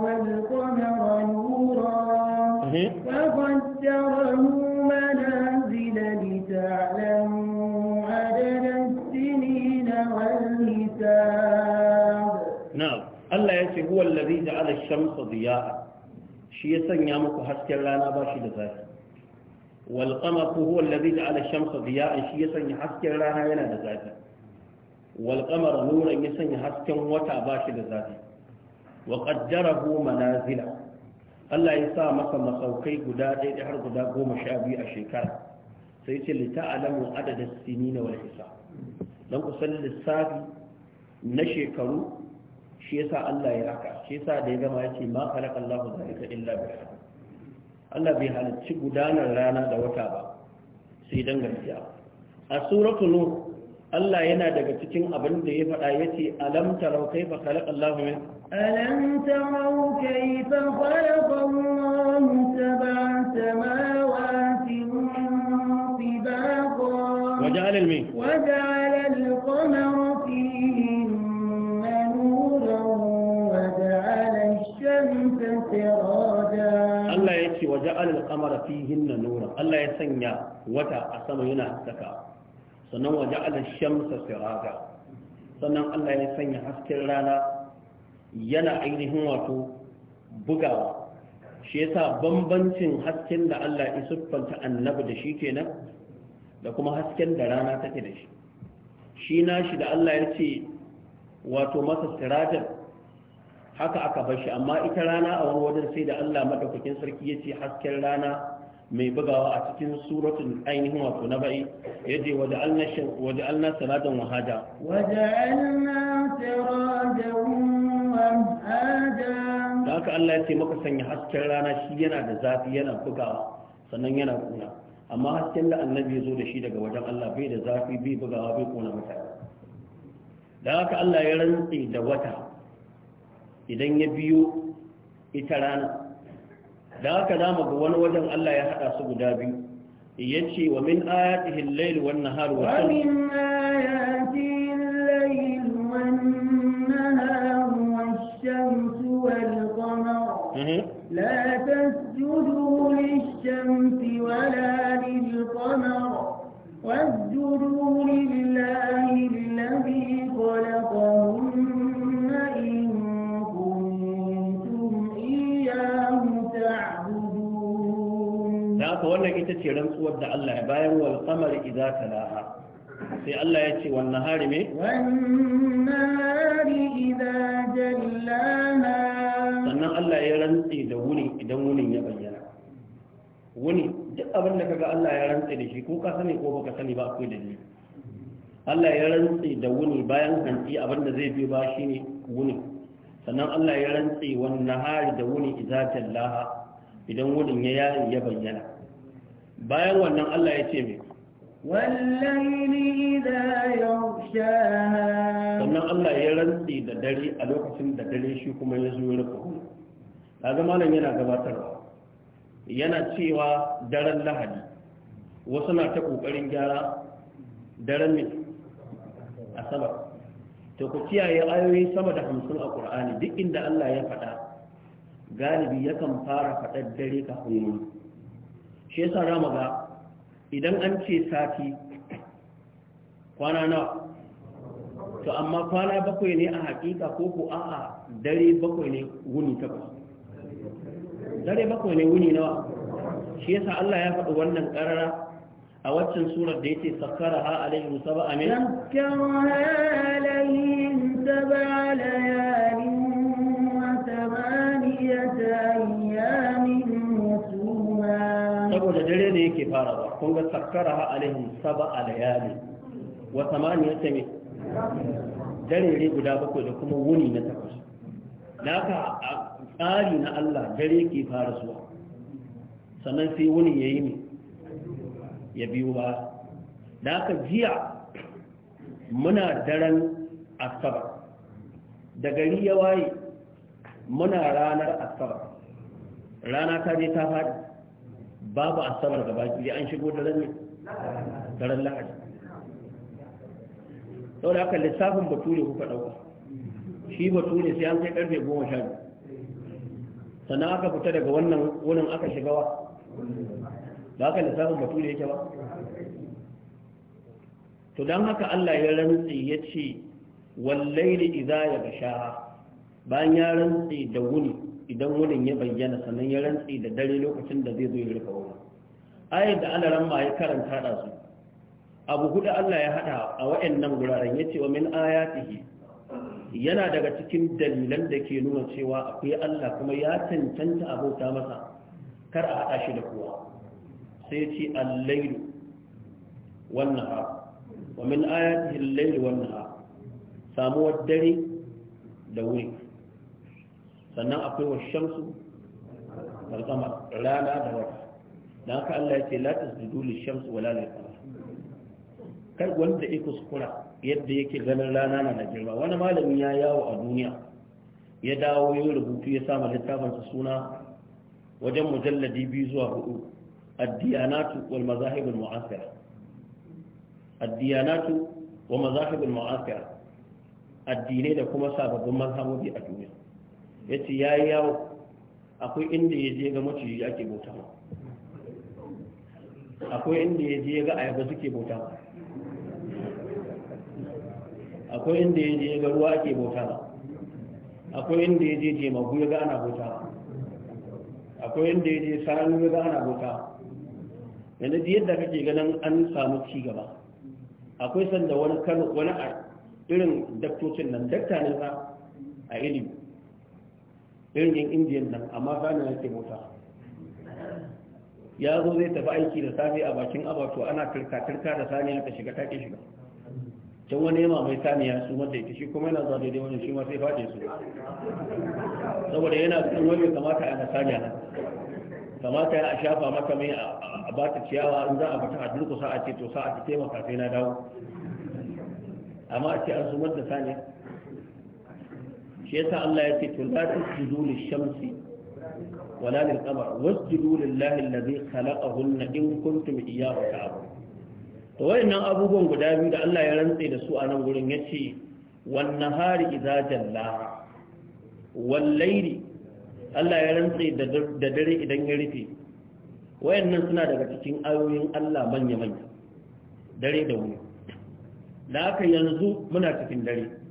wal qamara nuran Allah ce huwa allazi ja'ala ash-shamsa diya'a shi ya sanya muku hasken rana ba shi da zafi wal qamar huwa allazi ja'ala ash-shamsa diya'a shi ya sanya hasken rana yana da zafi wal qamara nuran ya sanya hasken wata ba shi da zafi wa qaddarahu manazila Allah ya sa masa masaukai guda ɗaya har guda goma sha biyu a shekara sai ce lita'alamu adadin sinina wal hisab dan kusan lissafi na shekaru shi yasa Allah ya haka shi yasa da ya gama ya ce ma khalaqa Allahu zalika illa bi Allah bai halicci gudanar rana da wata ba sai dan gaskiya a suratul nur Allah yana daga cikin abin da ya faɗa ya ce, alam tarau kaifa khalaqa Allahu min alam tarau kaifa khalaqa Allahu sab'a samawati tibaqa waja'ala al-min waja'ala al-qamara ce waje alal kamara fihin na nura Allah ya sanya wata a sama yana saka sannan waje alal shamsa siraga sannan Allah ya sanya hasken rana yana ainihin wato bugawa shi yasa bambancin hasken da Allah ya siffanta annabi da shi kenan da kuma hasken da rana take da shi shi shi da Allah ya ce wato masa sirajar haka aka bar shi amma ita rana a wani wajen sai da Allah madaukakin sarki ya ce hasken rana mai bugawa a cikin suratun ainihin wato na ba'i ya ce waje alna siradan wahada waje alna siradan wahada da haka Allah ya ce maka sanya hasken rana shi yana da zafi yana bugawa sannan yana kuna amma hasken da annabi ya zo da shi daga wajen Allah bai da zafi bai bugawa bai kuna mutane da haka Allah ya rantse da wata idan ya biyo ita rana da haka za mu ga wani wajen Allah ya haɗa su guda biyu yace wa min ayatihi al-layl nahar wa min ayatihi al-layl wan mhm. la haka wannan ita ce rantsuwar da Allah ya bayan wal qamar idza talaha sai Allah ya ce wannan hari me wannan hari idza jallaha sannan Allah ya rantsi da wuni idan wunin ya bayyana wuni duk abin da kaga Allah ya rantsi da shi ko ka sani ko baka sani ba akwai dalili Allah ya rantsi da wuni bayan hanci abin da zai biyo ba shine wuni sannan Allah ya rantsi wannan hari da wuni idza jallaha idan wurin ya yayi ya bayyana bayan wannan Allah ya ce mai wallahi idha yaghsha sannan Allah ya rantsi da dare a lokacin da dare shi kuma ya zo ya rufe kaga malam yana gabatarwa yana cewa daren lahadi wasu na ta kokarin gyara daren ne asabar to ku kiyaye ayoyi sama da hamsin a ƙur'ani duk inda Allah ya faɗa galibi yakan fara faɗar dare ka hannu. shi yasa za mu ga idan an ce sati kwana na to amma kwana bakwai ne a hakika ko a a'a dare bakwai ne wuni ta dare bakwai ne wuni nawa shi yasa Allah ya faɗi wannan ƙarara a waccan surar da yake sakkara ha alaihi sab'a amin kan alaihim sab'a layali saboda dare ne yake fara ba kun ga sakkara alaihim saba alayali wa ya me dare guda bakwai da kuma wuni na takwas naka a tsari na Allah dare ke fara zuwa sannan sai wuni yayi ne ya biyo ba naka jiya muna daren asaba da gari ya waye muna ranar asaba rana ta je ta faɗi babu asabar gaba da an shigo da ne daren lahadi saboda haka lissafin bature kuka dauka shi bature sai an kai karfe goma sha biyu sannan aka fita daga wannan wurin aka shiga wa ba haka lissafin bature yake ba to don haka Allah ya rantsi ya ce wallaili idza ya gasha bayan ya rantsi da wuni idan wurin ya bayyana sannan ya rantsi da dare lokacin da zai zo ya rufe wurin ayar da ana ma ya karanta da su abu hudu Allah ya hada a wayannan guraren yace wa min ayatihi yana daga cikin dalilan da ke nuna cewa akwai Allah kuma ya tantance abota masa kar a hada shi da kowa sai ce al-lailu wan nahar wa min ayatihi al-lailu wan nahar samuwar dare da wuri sannan akwai wa shamsu alqamar rana da wata dan haka Allah ya ce la tasjudu lil shamsi wala lil qamar kai wanda ya kuskura yadda yake ganin rana na da girma wani malami ya yawo a duniya ya dawo ya rubutu ya sa littafinsa suna wajen mujalladi biyu zuwa hudu addiyanatu wal mazahib al mu'asira addiyanatu wa mazahib al mu'asira addinai da kuma sababbin mazhabobi a duniya ya ce ya yi yawo akwai inda ya je ga maciji ake bauta akwai inda ya je ga ayaba suke bauta akwai inda ya je ga ruwa ake bauta akwai inda ya je magu ya ga ana bauta akwai inda ya je sarari ya ga ana bauta yanzu yadda kake ganin an samu ci gaba akwai sanda wani kano wani irin daktocin nan dakta ne a ilimi birnin indiyan nan amma sana yake mota ya zo zai tafi aiki da Sani a bakin abato ana turka-turka da saniya ta shiga take shiga can wani yama mai saniya su mata yake shi kuma yana zuwa daidai wani shi ma sai faɗe su saboda yana cikin wani kamata ana saniya nan kamata ya shafa maka mai a bata ciyawa in za a bata a durkusa a ce to sa a ci taimaka sai na dawo amma a ce an su da sani. shi yasa Allah ya ce to la tasjudu lish-shamsi wala lil-qamar wasjudu lillahi alladhi khalaqahunna in kuntum iyyahu ta'budun to wayannan abubuwan guda biyu da Allah ya rantse da su a nan gurin yace wan nahari idza jalla wal layli Allah ya rantse da dare idan ya rufe wayannan suna daga cikin ayoyin Allah manya manya dare da wuni da aka yanzu muna cikin dare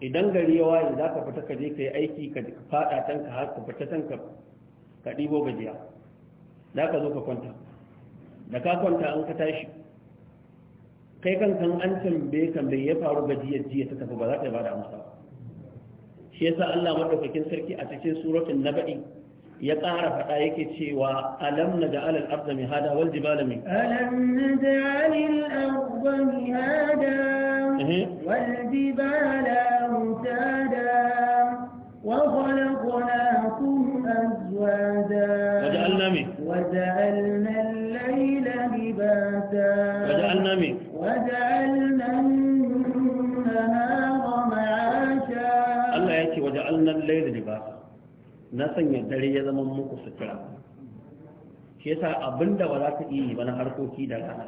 idan gari ya waye za ka fita ka ka yi aiki ka faɗa can ka har ka fita can ka ɗibo gajiya za ka zo ka kwanta da ka kwanta an ka tashi kai kan kan an tambaye kan bai ya faru gajiyar jiya ta tafi ba za ka yi ba da amsa shi yasa Allah madaukakin sarki a cikin suratul naba'i ya ƙara faɗa yake cewa alam na ja'al al-ardha mihada wal jibala mihada alam na ja'al al-ardha mihada والجبال أوتادا وخلقناكم أزواجا وجعلنا وجعلنا الليل لباسا وجعلنا وجعلنا wajalnan laila ne ba na sanya dare ya zama muku sutura shi yasa abinda ba za ka iya yi ba na harkoki da rana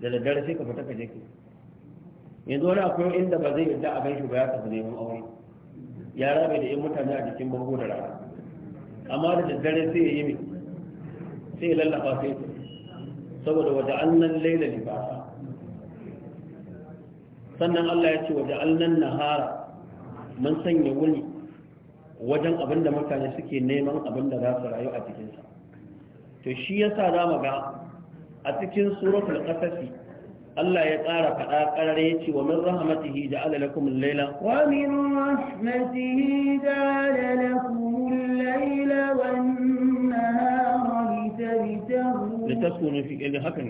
da daddare sai ka fita ka je ki yanzu wani akwai inda ba zai yadda a shi ba ya tafi neman aure ya rabe da yan mutane a jikin bango da rana amma da daddare sai ya yi mai sai ya lallafa sai saboda wata annan laila libasa sannan Allah ya ce waje alnan nahara mun sanya wuni wajen abin da mutane suke neman abin da za su rayu a cikinsa to shi ya sa za mu ga a cikin suratul qasasi Allah ya tsara faɗa ƙarar ya ce wa min rahmatihi ja'ala lakum al-laila wa min rahmatihi ja'ala lakum al-laila wan-nahara litabtahu litaskunu fi ilmi hakan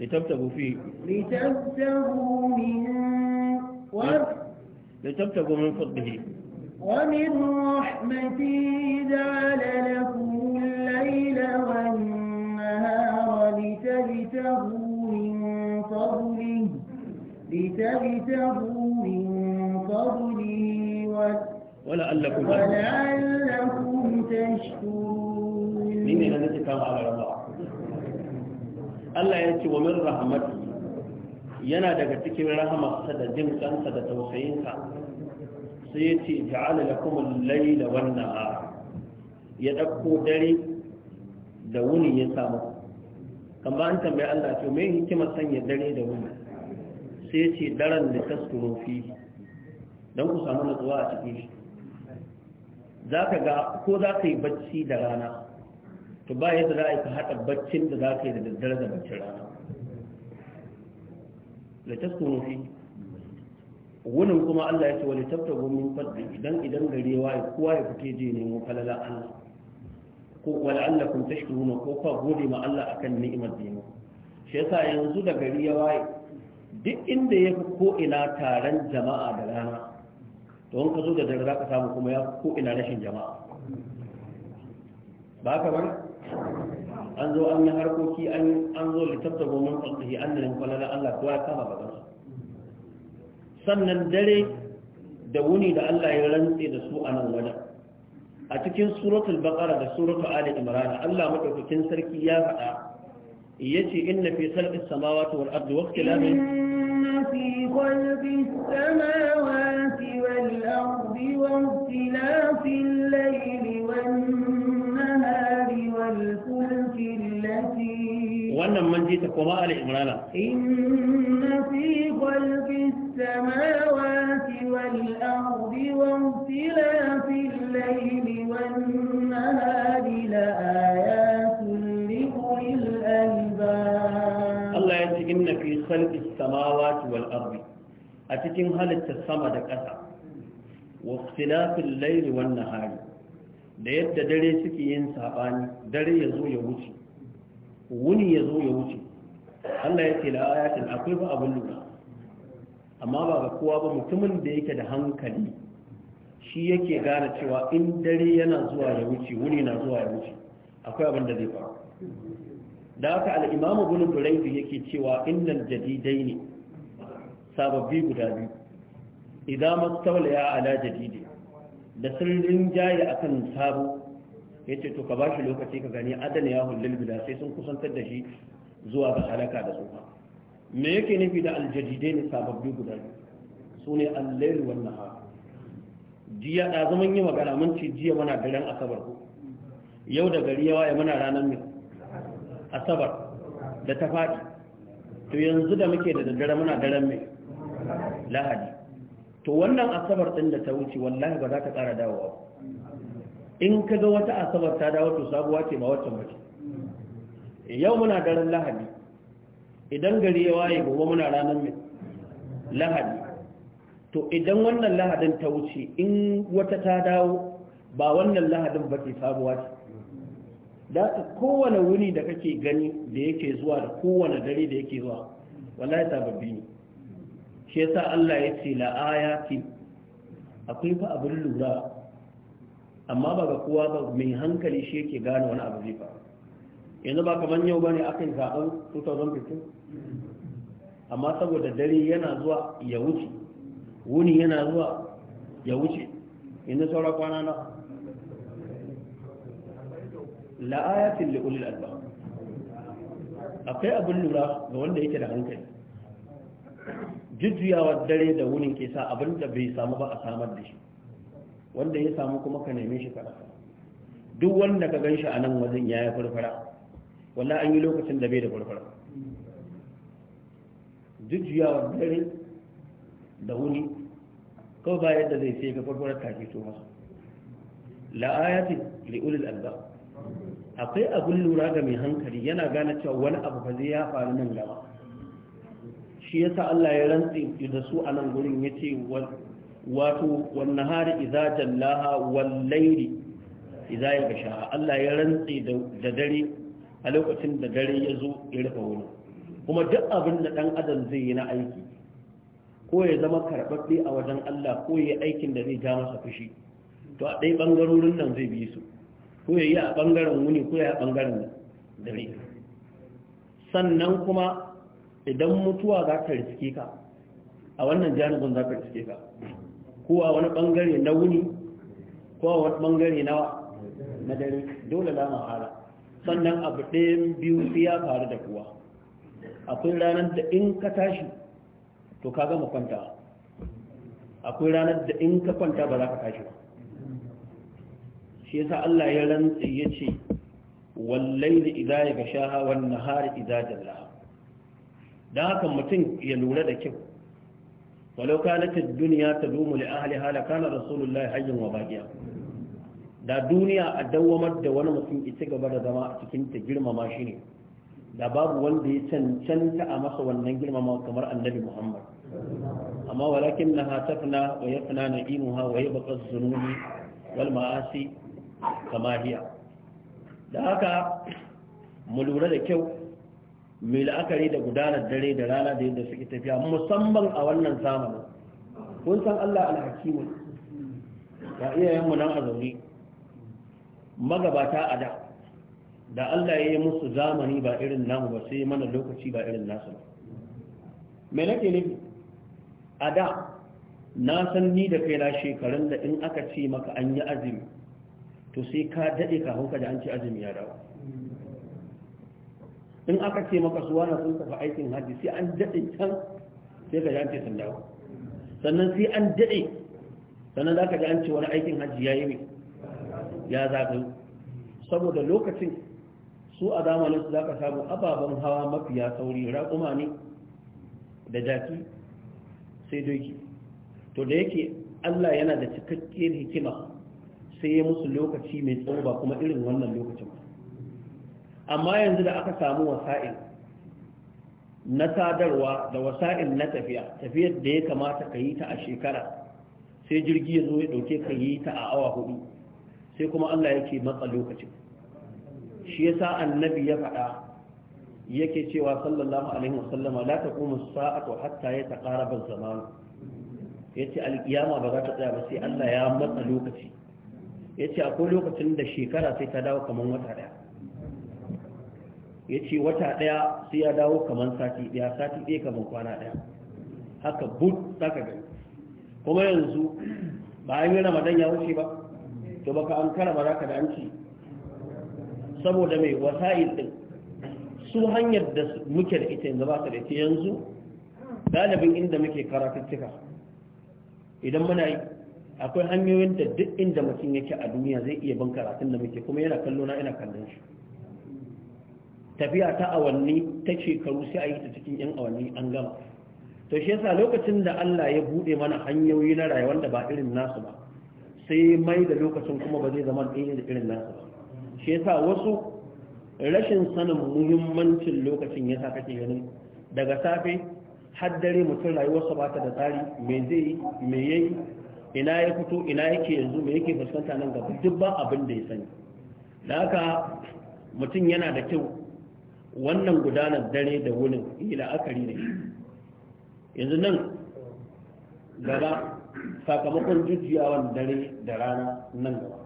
litabtahu fi litabtahu min wa litabtahu min fadlihi wa min rahmatihi ja'ala lakum al-laila wan-nahara litabtahu فضله لتبتغوا من فضله ولعلكم ولعلكم تشكرون من هنا نتكلم على الله Allah ya ce min yana daga cikin rahamarsa da jin kansa da tausayinsa sai ya ce ja'ala lakum al-layla wan nahar ya dauko dare da wuni ya samu kan ba an tambayi Allah to me hikimar sanya dare da wuni sai ce daren da taskuro fi don ku samu nutsuwa a cikin shi za ka ga ko za ka yi bacci da rana to ba yadda za a yi ka haɗa baccin da za ka yi da daddare da baccin rana da taskuro fi wunin kuma Allah ya ce wani tabtago min fadli idan idan gari ya waye kowa ya fite je nemo falala Allah ko kun wal'allakum tashkuruna ko kuma gode ma Allah akan ni'imar da shi yasa yanzu da gari ya waye duk inda ya fi ko ina taron jama'a da rana to in ka zo da dare za ka samu kuma ya fi ko ina rashin jama'a ba ka bari an zo an yi harkoki an zo littafta gomin tsakihi an nan kwallon Allah kowa ya kama gaban sannan dare da wuni da Allah ya rantse da su a nan wajen a cikin suratul baqara da suratul ali imran Allah madaukakin sarki ya faɗa yace inna fi khalqis samawati wal ardi waqtilami inna fi khalqis samawati wal ardi waqtilafil layli wan nahari wal fulki allati wannan man ta koma ala imrana inna fi khalqi samawati wal ardi wa ikhtilafi al-layli wan nahari la ayatun li ulil albab Allah ya ce inna fi khalqi samawati wal ardi a cikin halitta sama da ƙasa wa ikhtilafi al-layli wan nahari da yadda dare suke yin sabani dare ya zo ya wuce wuni ya zo ya wuce Allah ya ce la akwai ba abin lura amma ba ga kowa ba mutumin da yake da hankali shi yake gane cewa in dare yana zuwa ya wuce wuni na zuwa ya wuce akwai abin da zai faru da haka al-imam ibn yake cewa innal jadidaini sababbi guda biyu idan mastawla ya ala jadidi da sun rinjaye akan sabo ya ce to ka ba shi lokaci ka gani adana ya hullul bila sai sun kusantar da shi zuwa ga halaka da tsufa me yake nufi da aljadidai ne sababbi guda su ne allail wal nahar jiya da zaman yi magana mun ce jiya muna garin asabar ko yau da gari yawa ya muna ranar mai asabar da ta faɗi to yanzu da muke da daddare muna daren mai lahadi to wannan asabar ɗin da ta wuce wallahi ba za ta ƙara dawowa in ka ga wata asabar ta dawo to sabuwa ce ba wata mace yau muna daren lahadi idan gari ya waye gobe muna ranar mai lahadi to idan wannan lahadin ta wuce in wata ta dawo ba wannan lahadin ba ce sabuwa ce da kowane wuni da kake gani da yake zuwa da kowane dare da yake zuwa ya sababbi ne shi yasa Allah ya ce la ayati akwai fa abin lura amma ba ga kowa ba mai hankali shi yake gane wani abu zai faru yanzu ba kamar yau bane aka yi zaben 2015 amma saboda dare yana zuwa ya wuce wuni yana zuwa ya wuce yanzu saura kwana na la'ayatin li'ulil alba akwai abin lura ga wanda yake da hankali jujjuyawa dare da wunin ke sa abin da bai samu ba a samar da shi wanda ya samu kuma ka neme shi ka duk wanda ka gan shi a nan wajen ya yi farfara Wanda an yi lokacin da bai da farfara wa dare da wuni kawai ba yadda zai sai ga farfarar ta fito masa la'ayatin li'ulil alba akwai abin lura ga mai hankali yana gane cewa wani abu fa zai ya faru nan gaba shi yasa Allah ya rantsi da su a nan gurin yace wato wan nahari idza jallaha wal layli idza yaghsha Allah ya rantsi da dare a lokacin da dare ya zo ya rufe wani kuma duk abin da dan adam zai yi na aiki ko ya zama karɓaɓɓe a wajen Allah ko ya aikin da zai ja masa fushi to a ɗai ɓangarorin nan zai bi su ko ya yi a ɓangaren wuni ko ya yi a ɓangaren dare sannan kuma idan mutuwa za ta riske ka a wannan janibin za ta riske ka ko a wani bangare na wuni ko a wani bangare na na dare dole mu hara. sannan abu ɗayan biyu sai ya faru da kuwa akwai ranar da in ka tashi to ka gama kwanta akwai ranar da in ka kwanta ba za ka tashi ba shi yasa Allah ya rantsi ya ce wallai wallaili idza yaghshaha wan nahari idza jalla dan haka mutum ya lura da kyau walau kanat ad-dunya tadumu li ahliha la kana rasulullahi hayyan wa baqiya da duniya a dawwamar da wani mutum ita gaba da zama a cikin ta girmama shi ne da babu wanda ya cancanta a masa wannan girmama kamar annabi muhammad amma walakin na hatafna wa ya fina na wa ya bakar zunubi wal ma'asi kama hiya da haka mu lura da kyau mai la'akari da gudanar dare da rana da yadda suke tafiya musamman a wannan zamanin kun san Allah alhakimu ga iyayenmu nan a zaune magabata a da da Allah ya yi musu zamani ba irin namu ba sai mana lokaci ba irin nasu ba mai nake nufi a da na san ni da kaina shekarun da in aka ce maka an yi azumi to sai ka daɗe ka hauka da an ce azumi ya dawo in aka ce maka su wani sun tafi aikin hajji sai an daɗe can sai ka jance sun dawo sannan sai an daɗe sannan za ka ji an ce wani aikin hajji ya yi ne ya zaɓi saboda lokacin su a zamanin su za ka samu ababen hawa mafiya sauri raƙuma ne da jaki sai doki to da yake allah yana da cikakkiyar hikima sai ya musu lokaci mai tsawo ba kuma irin wannan lokacin ba amma yanzu da aka samu wasa'il na sadarwa da wasa'il na tafiya tafiyar da ya kamata ka yi ta a shekara sai jirgi ya zo ya ɗauke ka yi ta a awa hudu sai kuma Allah yake matsa lokacin shi yasa annabi ya faɗa yake cewa sallallahu alaihi wasallama la taqumu as-sa'atu hatta yataqaraba az-zaman yace al ba za ta tsaya ba sai Allah ya matsa lokaci yace akwai lokacin da shekara sai ta dawo kaman wata daya ya ce wata ɗaya sai ya dawo kamar sati ɗaya sati ɗaya kamar kwana ɗaya haka but saka gani kuma yanzu ba an yi ramadan ya wuce ba to baka an kara ba za ka da an ci saboda mai wasa'il ɗin su hanyar da muke da ita yanzu ba ka da ita yanzu galibin inda muke karatuttuka idan muna yi akwai hanyoyin da duk inda mutum yake a duniya zai iya ban karatun da muke kuma yana kallo na ina kallon shi tafiya ta awanni ta shekaru sai a yi ta cikin yan awanni an gama to shi yasa lokacin da Allah ya bude mana hanyoyi na rayuwar da ba irin nasu ba sai mai da lokacin kuma ba zai zama ɗaya da irin nasu ba shi yasa wasu rashin sanin muhimmancin lokacin yasa kake ganin daga safe har dare mutum rayuwarsa ba ta da tsari me zai me yayi ina ya fito ina yake yanzu me yake fuskanta nan gaba duk ba abin da ya sani da haka mutum yana da kyau wannan gudanar dare da wunin yi la'akari da shi yanzu nan gaba sakamakon jujjuyawan dare da rana nan gaba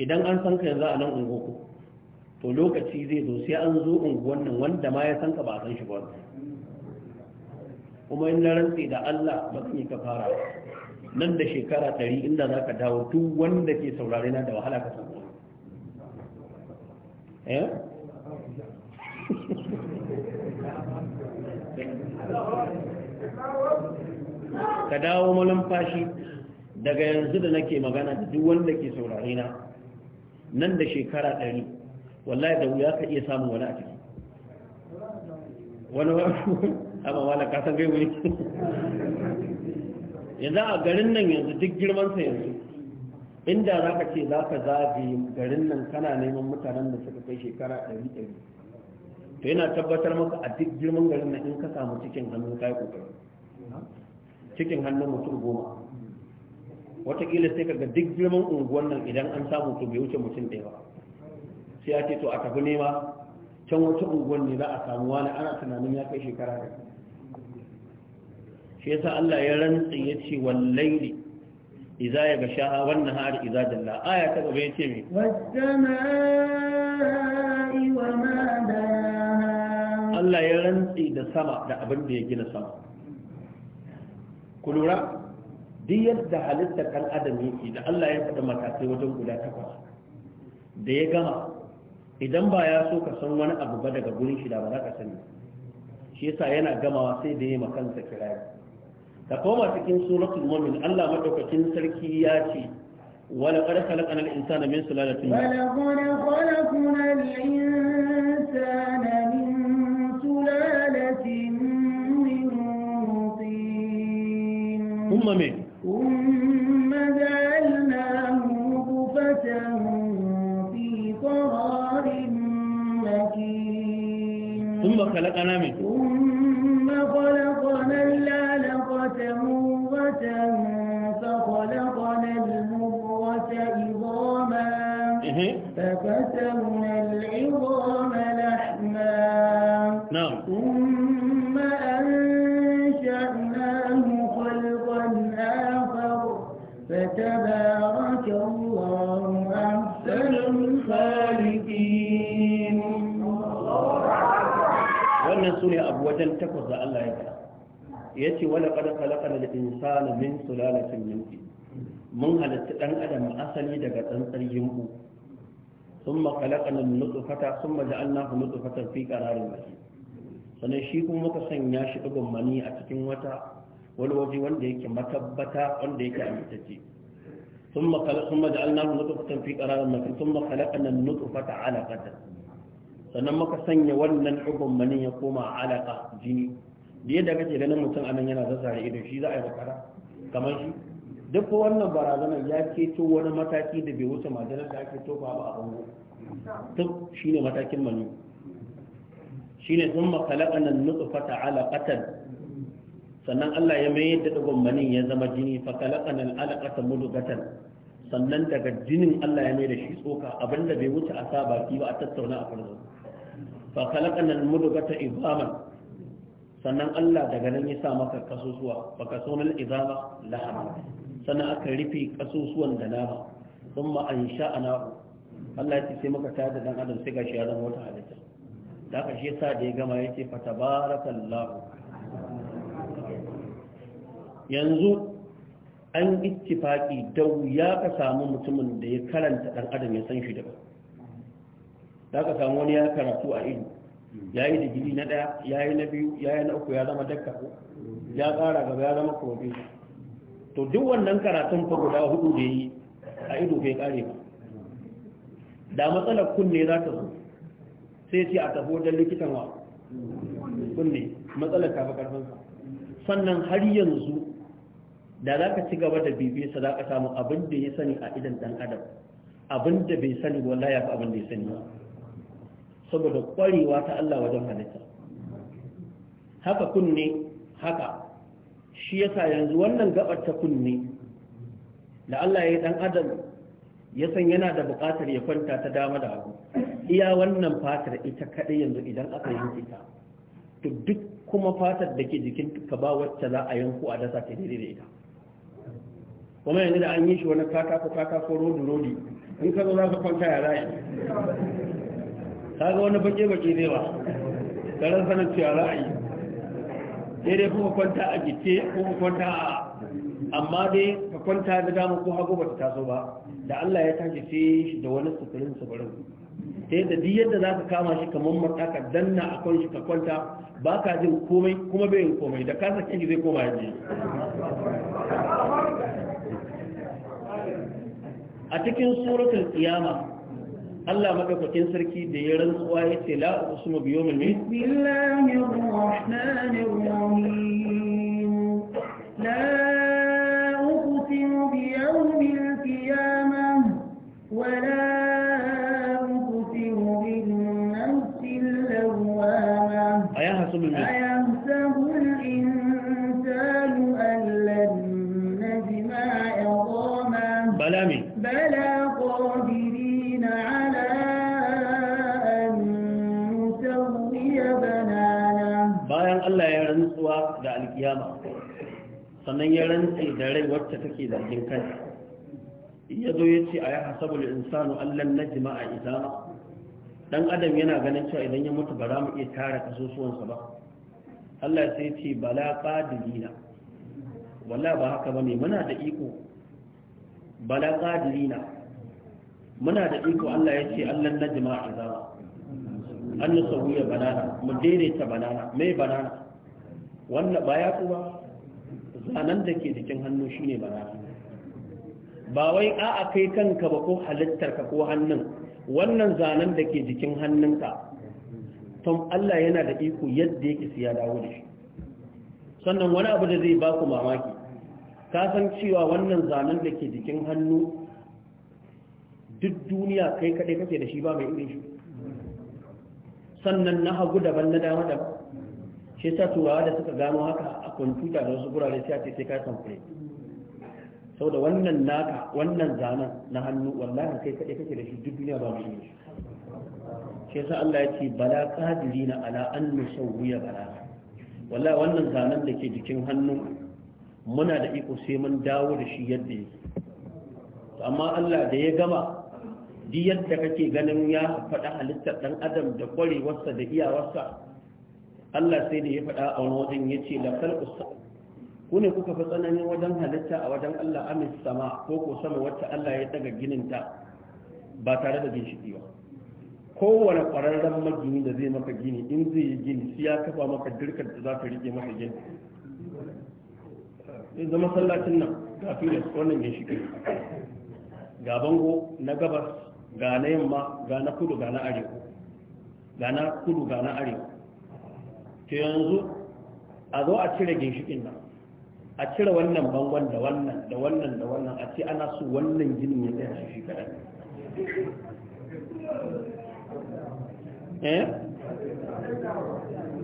idan an san ka yanzu a nan ungoku to lokaci zai zo sai an zo unguwan nan wanda ma ya san ka ba san shi ba kuma in na rantse da Allah ba zan yi ka fara nan da shekara 100 inda za ka dawo duk wanda ke saurare na da wahala ka san Eh? ka dawo malumfashi daga yanzu da nake magana da duk wanda ke saurari na nan da shekara ɗari wallahi da wuya ka iya samun wani a ciki wani amma wala ka gai wuri yanzu a garin nan yanzu duk girmansa yanzu inda za ka ce za ka zagaye garin nan kana neman mutanen da suka kai shekara ɗari ɗari to yana tabbatar maka a duk girman garin nan in ka samu cikin hannun kai kokari cikin hannun mutum goma watakila sai ka ga duk girman unguwan nan idan an samu to bai wuce mutum ɗaya ba sai ya ce to a tafi nema can wata unguwan ne za a samu wani ana tunanin ya kai shekara ɗari shi yasa Allah ya rantsi ya ce wallahi. iza ya ga sha'a wannan har iza dalla aya ta gaba yace me was-samaa'i wa ma daa Allah ya rantsi da sama da abin da ya gina sama Ku lura, duk yadda halitta kan adam yake da Allah ya fada matakai wajen guda takwas da ya gama idan ba ya so ka san wani abu ba daga gurin shi da ba za ka sani shi yasa yana gamawa sai da ya makansa kirayi da koma cikin suratul mu'min Allah madaukakin sarki ya ce wala qad khalaqna al-insana min sulalatin wala qad khalaqna al-insana min sulalatin min tin umma me umma ja'alnahu nutfatan fi qararin makin ثم خلقنا من فكسونا العظام لحما نعم ثم أنشأناه خلقا آخر فتبارك الله أحسن الخالقين wannan su ne abu wajen takwas da Allah ya faɗa ya ce wani ƙada falakar da insana min sulalatin yanki mun halitta ɗan adam asali daga tsantsar yinku ثم خلقنا النطفة ثم جعلناه نطفة في قرار مكين sannan shi kuma muka sanya shi ɗigon mani a cikin wata wani waje wanda yake matabbata wanda yake amintacce sun makala sun maja'alna mu nutfatan fi qararin makin sun makala anan nutfata alaqatan sannan muka sanya wannan ɗigon mani ya koma alaƙa jini da yadda kake ganin mutum a nan yana zazzare ido shi za a yi makara kamar shi duk wannan barazanar ya keto wani mataki da bai wuce majalar da ake tofa ba a bango duk ne matakin Shi ne sun makalaka nan nutsufata alaƙatan sannan Allah ya mai yadda ɗigon manin ya zama jini fakalaka nan alaƙatan mudugatan sannan daga jinin Allah ya mai da shi tsoka abinda bai wuce a sa baki ba a tattauna a farzo fakalaka nan mudugata izaman sannan Allah daga nan ya sa maka kasusuwa baka sonar izama lahama sannan aka rufe kasusuwan da nama sun ma'an na'u Allah ya ce sai muka tayar da dan adam sai gashi ya zama wata halitta da aka shi sa da ya gama ya ce allahu! yanzu an ittifaki da ya ka samu mutumin da ya karanta dan adam ya san shi da ba da ka samu wani ya karatu a ilu ya yi digiri na ɗaya ya yi na biyu ya yi na uku ya zama dakka ya ƙara gaba ya zama profesa to duk wannan karatun fa guda hudu da yi a ido bai kare ba da matsalar kunne za ta zo sai ce a tafi wajen likitan wa kunne matsalar ta fi karfinsa sannan har yanzu da za ka ci gaba da bibi sa za ka samu abin da ya sani a idan dan adam abin da bai sani wallahi ya fi abin da ya sani ba saboda kwarewa ta Allah wajen halitta haka kunne haka shi yasa yanzu wannan gabar ta kunne da Allah ya yi dan adam ya san yana da buƙatar ya kwanta ta dama da abu iya wannan fatar ita kaɗai yanzu idan aka yi ita to duk kuma fatar da ke jikin ka ba wacce za a yanku a dasa ta daidai da ita kuma yanzu da an yi shi wani katako katako rodi rodi in ka zo za ka kwanta ya rayu ka ga wani baƙe baƙe zai ba ka ran sanar cewa ra'ayi daidai kuma kwanta a gitte ko kwanta a amma dai ka kwanta da dama ko hagu ba ta taso ba da Allah ya tashi ce shi da wani sufurin sufurin sai da duk yadda za ka kama shi kamar mata ka danna a shi ka kwanta ba ka jin komai kuma bai yin komai da kasa kyan zai koma yaji a cikin suratul kiyama. الله مكفتين سركي ديران سواهي تلا أسمه بيوم المين بسم الله الرحمن الرحيم لا أختم بيوم القيامة ولا أختم sannan ya rantse da rai wacce take zargin kanta ya zo ya ce a ya hasabul insanu allan najma a izama dan adam yana ganin cewa idan ya mutu ba za mu iya tara kasusuwansa ba Allah sai ce bala qadirina wallahi ba haka bane muna da iko bala qadirina muna da iko Allah ya ce allan najma a izama an nusawiya banana mu daidaita banana mai banana wannan ba ya ba zanen da ke jikin hannu shine bara ba wai a'a kai kanka ba ko halittarka ko hannun wannan zanen da ke jikin hannunka tom Allah yana da iko yadda yake siya dawo da shi sannan wani abu da zai ba ku mamaki ka san cewa wannan zanen da ke jikin hannu duk duniya kai kaɗai kake da shi ba mai irin shi sannan na hagu daban na dama daban shi sa turawa da suka gano haka kwamfuta da wasu gurare sai a ce sai ka samfure saboda wannan naka wannan zanen na hannu wallahi kai kaɗai kake da shi duk duniya ba mu shi shi yasa Allah ya ce bala qadirina ala an nusawwiya bala wallahi wannan zanen da ke jikin hannu muna da iko sai mun dawo da shi yadda yake amma Allah da ya gama duk yadda kake ganin ya faɗa halittar ɗan adam da ƙwarewarsa da iyawarsa Allah sai da ya faɗa a wani wajen ya ce da khalqus ku ne kuka fi tsananin wajen halitta a wajen Allah amis sama ko ko sama wacce Allah ya daga gininta ba tare da ginshiki ba kowane ƙwararren magini da zai maka gini in zai yi gini shi ya kafa maka dirkar da za ta rike maka gini in zama sallacin nan ga da wannan ya shi ga bango na gabas ga na yamma ga na kudu ga na arewa ga na kudu ga na arewa to yanzu a zo a cire ginshikin nan a cire wannan bangon da wannan da wannan da wannan a ce ana su wannan ginin ya tsaya shi kaɗan eh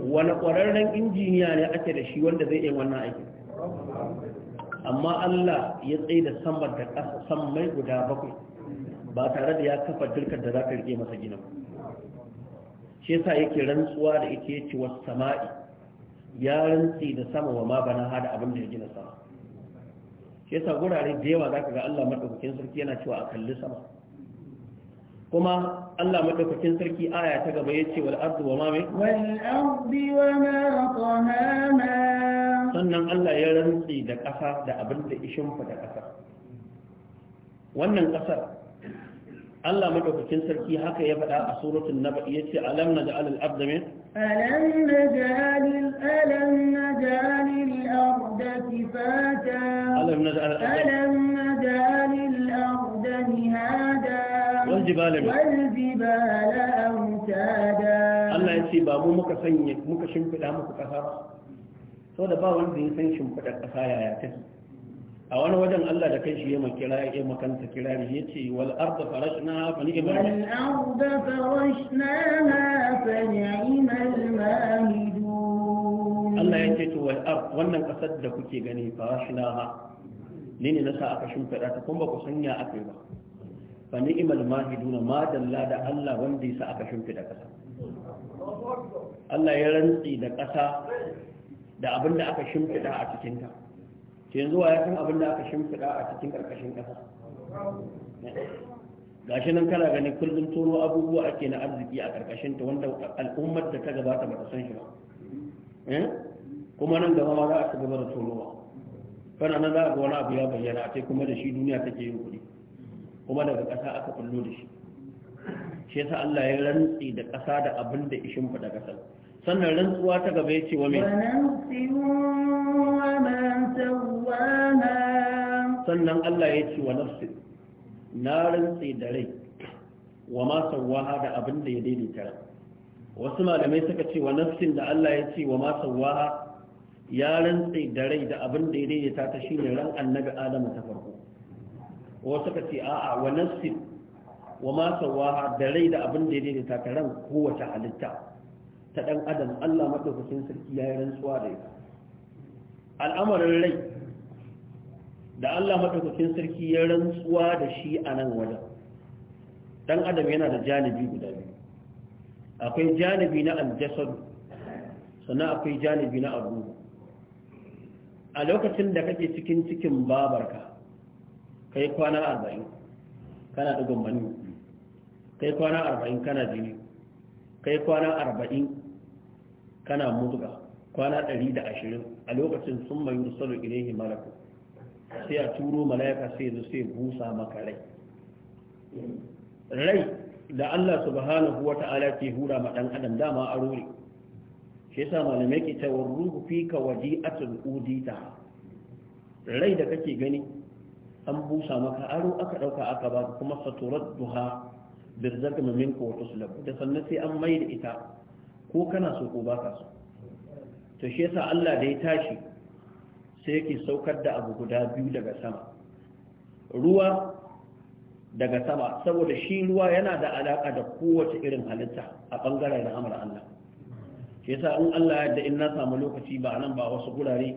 wani ƙwararren injiniya ne ake da shi wanda zai yi wannan aiki amma Allah ya tsaye da samar da ƙasa sammai guda bakwai ba tare da ya kafa dirkar da za ka rike masa ginin shi yasa yake rantsuwa da yake yace wasu sama'i ya rantsi da sama wa ma bana hada abin da ya gina sama shi yasa gurare da yawa zaka ga Allah madaukakin sarki yana cewa a kalli sama kuma Allah madaukakin sarki aya ta gaba yace wal ardu wa ma wal sannan Allah ya rantsi da ƙasa da abin da ishin fa da ƙasa wannan ƙasar Allah madaukakin sarki haka ya faɗa a suratul naba'i yace alam naj'al al-ardha min alam naj'al alam naj'al al-ardha kifata alam naj'al alam naj'al al-ardha mihada wal jibala wal jibala awtada Allah yace ba mu muka sanya muka shimfida muku kasa ba saboda ba wanda ya san shimfida kasa yaya take a wani wajen Allah da kanshi ya makira ya makanta kirari ya ce wal arda farashna fa ni'mal wal arda farashna fa ni'mal mahidun Allah ya ce to wal ard wannan kasar da kuke gani farashna ne ne nasa aka shimfida ta kuma ba ku sanya akai ba fa ni'mal mahidun ma dalla da Allah wanda yasa aka shimfida kasa Allah ya rantsi da kasa da abin da aka shimfida a cikin ta yanzu wa ya san abin da aka shimfiɗa a cikin ƙarƙashin ƙasa gashi nan kana gani kullum turo abubuwa ake na arziki a ƙarƙashin ta wanda al'ummar da ta gabata ba ta san shi ba eh? kuma nan gaba ma za a ci gaba da tonowa kana nan za a ga wani abu ya bayyana a kuma da shi duniya take yin kuɗi kuma daga ƙasa aka kullo da shi shi yasa Allah ya rantsi da ƙasa da abin da ishin faɗa ƙasar sannan rantsuwa ta gaba ya ce wa mai sannan Allah ya ce wa nafsi na rantsi da rai wa ma sawwaha da abin da ya daidaita wasu malamai suka ce wa nafsin da Allah ya ce wa ma sawwaha ya rantsi da rai da abin da ya daidaita ta shine ran annabi Adamu ta farko wasu suka ce a'a wa nafsin wa ma sawwaha da rai da abin da ya daidaita ta ran kowace halitta ta ɗan adam Allah maɗaukakin sarki ya yi rantsuwa da ita al'amarin rai da Allah maɗaukakin sarki ya rantsuwa da shi a nan wajen ɗan adam yana da janibi guda biyu akwai janibi na aljasar sannan akwai janibi na abu a lokacin da kake cikin cikin babarka kai kwana arba'in kana ɗigon mani kai kwana arba'in kana jini kai kwana arba'in kana mudga kwana 120 a lokacin sun mai rusalu ilaihi malaku sai a turo mala'ika sai zo sai busa maka rai rai da Allah subhanahu wa ta'ala ke hura ma dan adam dama a rure shi yasa malamai ke cewa ruhu fika waji'atul udita rai da kake gani an busa maka aro aka dauka aka ba kuma saturat duha birzakama minka wa tuslab da sannan sai an mai da ita ko kana so ko baka so to shi yasa Allah da ya tashi sai yake saukar da abu guda biyu daga sama ruwa daga sama saboda shi ruwa yana da alaka da kowace irin halitta a bangaren rahamar Allah shi yasa in Allah yadda in na samu lokaci ba nan ba wasu gurare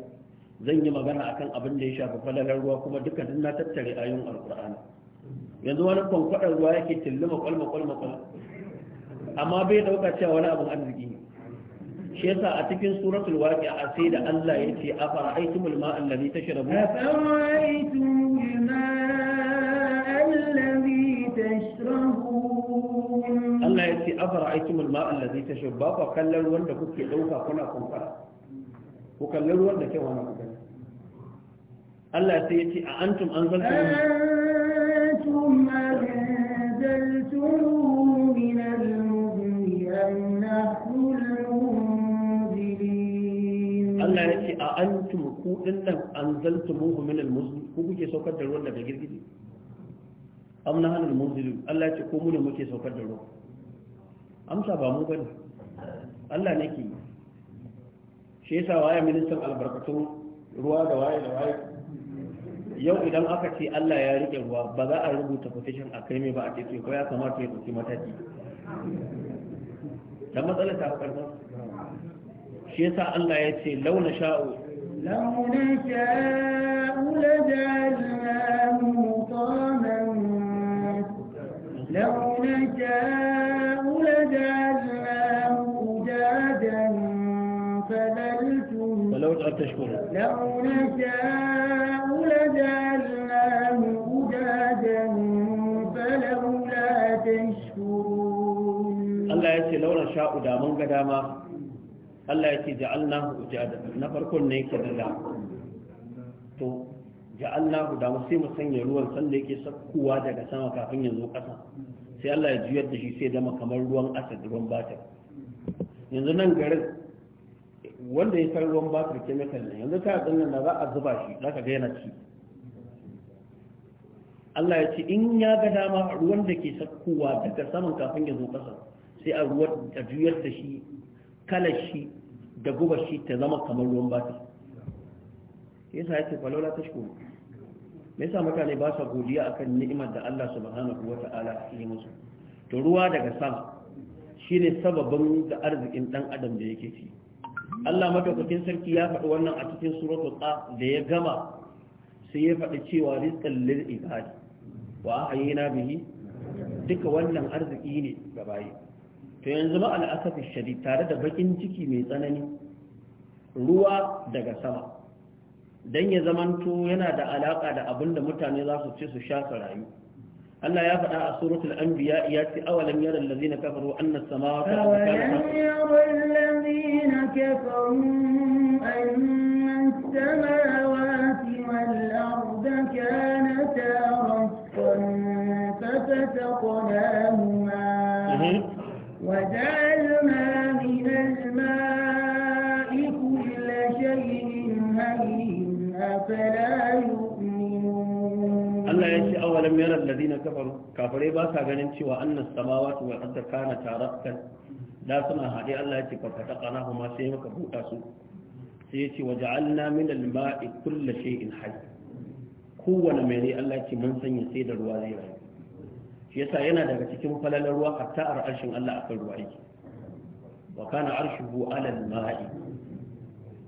zan yi magana akan abin da ya shafi falalar ruwa kuma duka din na tattare ayoyin alkur'ani yanzu wani kwankwadar ruwa yake tilluma kwalma kwalma kwalma amma bai dauka cewa wani abin arziki ne shi yasa a cikin suratul waqi'a sai da Allah ya ce afara aitumul ma'a allazi tashrabu afara aitumul allazi tashrabun Allah ya ce afara aitumul ma'a allazi tashrabu ba ku kallon ruwan da kuke dauka kuna kunkara ku kallon ruwan da ke wani kuka Allah sai ya ce a antum anzaltum antum anzaltum Allah ya ce a antum ku dinnan muku min al-muzni ku kuke saukar da ruwan daga girgiji am na hanul munzilun Allah ya ce ko mu ne muke saukar da ruwan amsa ba mu bane Allah ne ke shi yasa waye ministan albarkatun ruwa da waye da waye yau idan aka ce Allah ya rike ruwa ba za a rubuta petition a kai mai ba a ce ko ya kamata ya dauki mataki dan matsalar ta karfa shi yasa Allah ya ce launa sha'u launa sha'u la ja'alnahu law tashkuru sha'u la ja'alnahu ujadan falawla Allah ya ce ja'alnahu ujada na farkon ne yake da to ja'alna da mu sai mu sanya ruwan sanda yake sakkuwa daga sama kafin ya zo ƙasa sai Allah ya juyar da shi sai dama kamar ruwan asad ruwan batir yanzu nan garin wanda ya san ruwan batir chemical ne yanzu ta ganin da za a zuba shi za ka ga yana ci Allah ya ce in ya ga dama ruwan da ke sakkuwa daga saman kafin ya zo ƙasa sai a ruwan a juyar da shi kalashi shi da gubar shi ta zama kamar ruwan bata yasa yake falola ta shukuru me yasa mutane ba sa godiya akan ni'imar da Allah subhanahu wata'ala ya musu to ruwa daga sama shine sababin da arzikin dan adam da yake ci Allah madaukakin sarki ya faɗi wannan a cikin suratul qa da ya gama sai ya faɗi cewa rizqan lil ibad wa ahyina bihi duka wannan arziki ne ga bayi to yanzu ma al'asafi shari tare da bakin ciki mai tsanani ruwa daga sama don ya zamanto yana da alaƙa da abin da mutane za su ce su sha rayu Allah ya faɗa a suratul anbiya ya ce awalam yaral ladina kafaru anna samawati awalam yaral ladina kafaru anna samawati wal arda kanata rasqan fafataqnahuma وجعلنا من الماء كل شيء حي. أفلا يؤمنون الله يشي أولم يرى الذين كفروا كفروا باسا غنين أن السماوات والأرض كانت رأسا لا سنة هذه الله يشي ففتقناهما سيمك بوتاسو سيشي وجعلنا من الماء كل شيء حي kowane mai Allah ce mun sanya sai da ruwa zai rayu shi yasa yana daga cikin falalar ruwa hatta a arshin Allah akan ruwa yake wa kana arshuhu ala al-ma'i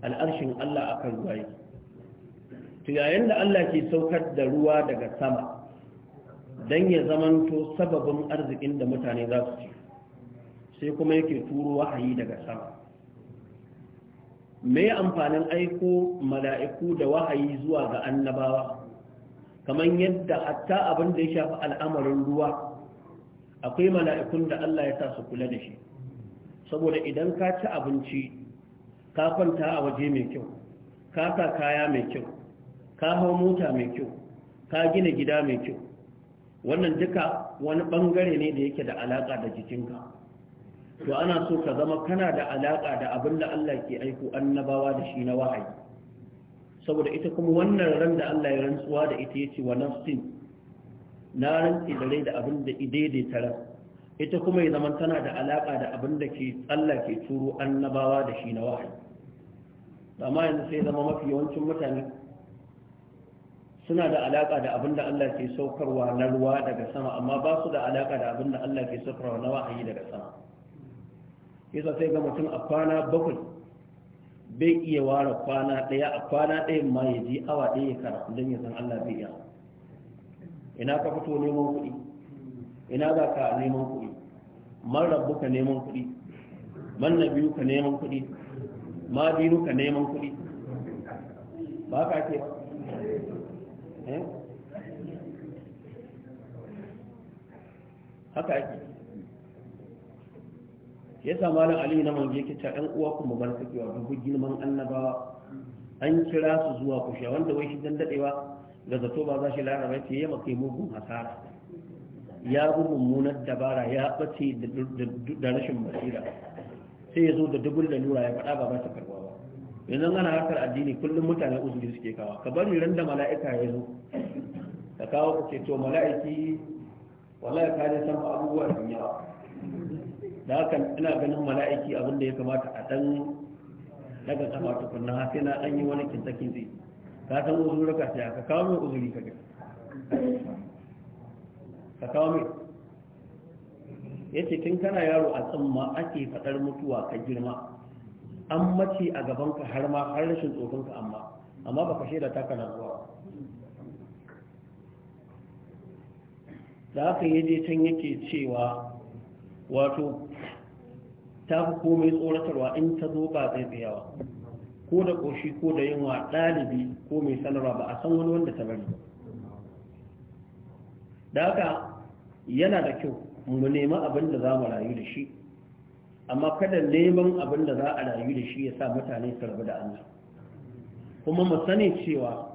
al-arshin Allah akan ruwa yake to yayin da Allah ke saukar da ruwa daga sama dan ya zamanto sababin arzikin da mutane za su ci sai kuma yake turo wahayi daga sama me amfanin aiko mala'iku da wahayi zuwa ga annabawa kamar yadda hatta abin da ya shafi al'amarin ruwa akwai mala'ikun da Allah ya sa su kula da shi saboda idan ka ci abinci ka kwanta a waje mai kyau ka sa kaya mai kyau ka hau mota mai kyau ka gina gida mai kyau wannan duka wani bangare ne da yake da alaka da jikinka to ana so ka zama kana da alaka da abin da Allah ke aiko annabawa da shi na wahayi saboda ita kuma wannan ran da Allah ya rantsuwa da ita yace wa nafsin na rantsi da rai da abin da idaidaita tara ita kuma ya zama tana da alaka da abin da ke Allah ke turo annabawa da shi na wahayi amma yanzu sai zama mafi yawancin mutane suna da alaka da abin da Allah ke saukarwa na ruwa daga sama amma ba su da alaka da abin da Allah ke saukarwa na wahayi daga sama yasa sai ga mutum a kwana bakwai bai iya ware kwana ɗaya a kwana ɗayan ma ya ji awa ɗaya ya kara don ya san Allah bai iya ina ka fito neman kuɗi ina za ka neman kuɗi man rabu ka neman kuɗi man na biyu ka neman kuɗi ma biyu ka neman kuɗi ba ka ce eh? haka ake ya sa malam ali na mange yake ta ɗan uwa kuma mu bar kewa duk girman annabawa an kira su zuwa kusha wanda wai shi dan dadewa ga zato ba za shi laraba ce ya makai mugun hasara ya bi mummunar dabara ya ɓace da rashin basira sai ya zo da dubul da lura ya faɗa ba ba ta karɓa ba yanzu ana harkar addini kullum mutane uzuri suke kawa ka bari ran da mala'ika ya zo ka kawo ka ce to mala'iki wallahi ka ne san abubuwa da yawa da haka ina ganin mala'iki abin da ya kamata a dan daga sama tukunna sai na dan yi wani kintakin zai ka san uzuri ka sai ka kawo mai uzuri ka ga ka kawo mai yace tun kana yaro a tsamma ake fadar mutuwa ka girma an mace a gaban ka har ma har rashin tsofin ka amma amma baka shaida ta kana zuwa da haka yaje can yake cewa wato ta fi komai tsoratarwa in ta zo ba zai tsayawa ko da ƙoshi ko da yunwa ɗalibi ko mai sanarwa ba a san wani wanda ta bari da haka yana da kyau mu nemi abin da za mu rayu da shi amma kada neman abin da za a rayu da shi ya sa mutane su rabu da Allah kuma mu sani cewa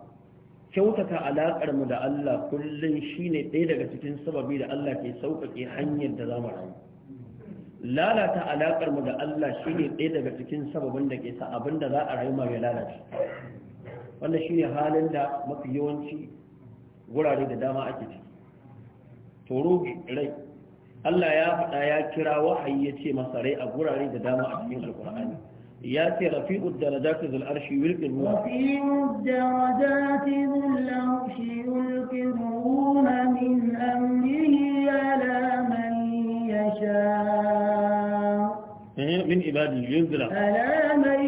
kyautata alaƙar mu da Allah kullum shine ɗaya daga cikin sababi da Allah ke sauƙaƙe hanyar da za mu rayu lalata alaƙar mu da Allah ne ɗaya daga cikin sababin da ke sa abinda za a mai lalata, wanda shi ne halin da mafi yawanci gurare da dama ake ciki toro rai Allah ya faɗa ya kira wahayi ya ce masa rai a gurare da dama a cikin Alƙur'ani, ya ce rafi'u darajati zul arshi yulqin ruha rafi'u darajati zul arshi yulqin ruha min amrihi ala man yasha من عباده ينزل ألا من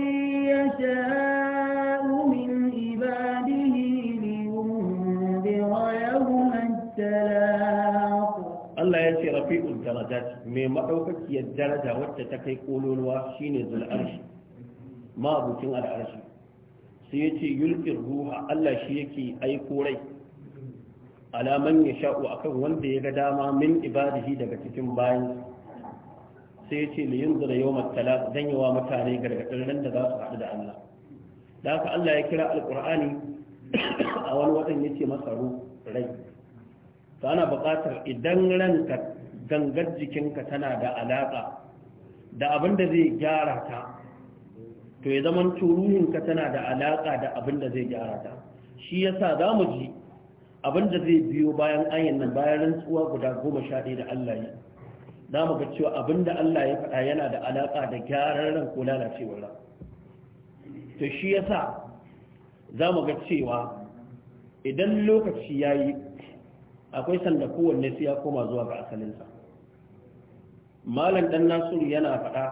يشاء من عباده لينذر يوم التلاق الله يأتي رفيع الدرجات من مدوكك الدرجة وتتكي قولوا شين ذو العرش ما أبو تنع العرش سيأتي يلقي الروح الله شيكي أي قولي على من يشاء أكون وندي قداما من عباده دقتكم باين sai ya ce li yau matala zan yi wa mutane gargadin nan da za su haɗu da Allah da haka Allah ya kira Alƙur'ani a wani watan yace masa ru rai to ana buƙatar idan ranka gangar jikinka tana da alaƙa da abin da zai gyara ta to ya zaman ka tana da alaƙa da abin da zai gyara ta shi ya sa za mu ji abin da zai biyo bayan ayin nan bayan rantsuwa guda goma sha ɗaya da Allah yi za mu ga cewa abinda Allah ya faɗa yana da alaƙa da gyaran ran ko lalacewar ran to shi yasa za mu ga cewa idan lokaci ya yi akwai sanda kowanne sai ya koma zuwa ga asalinsa malam dan nasiru yana faɗa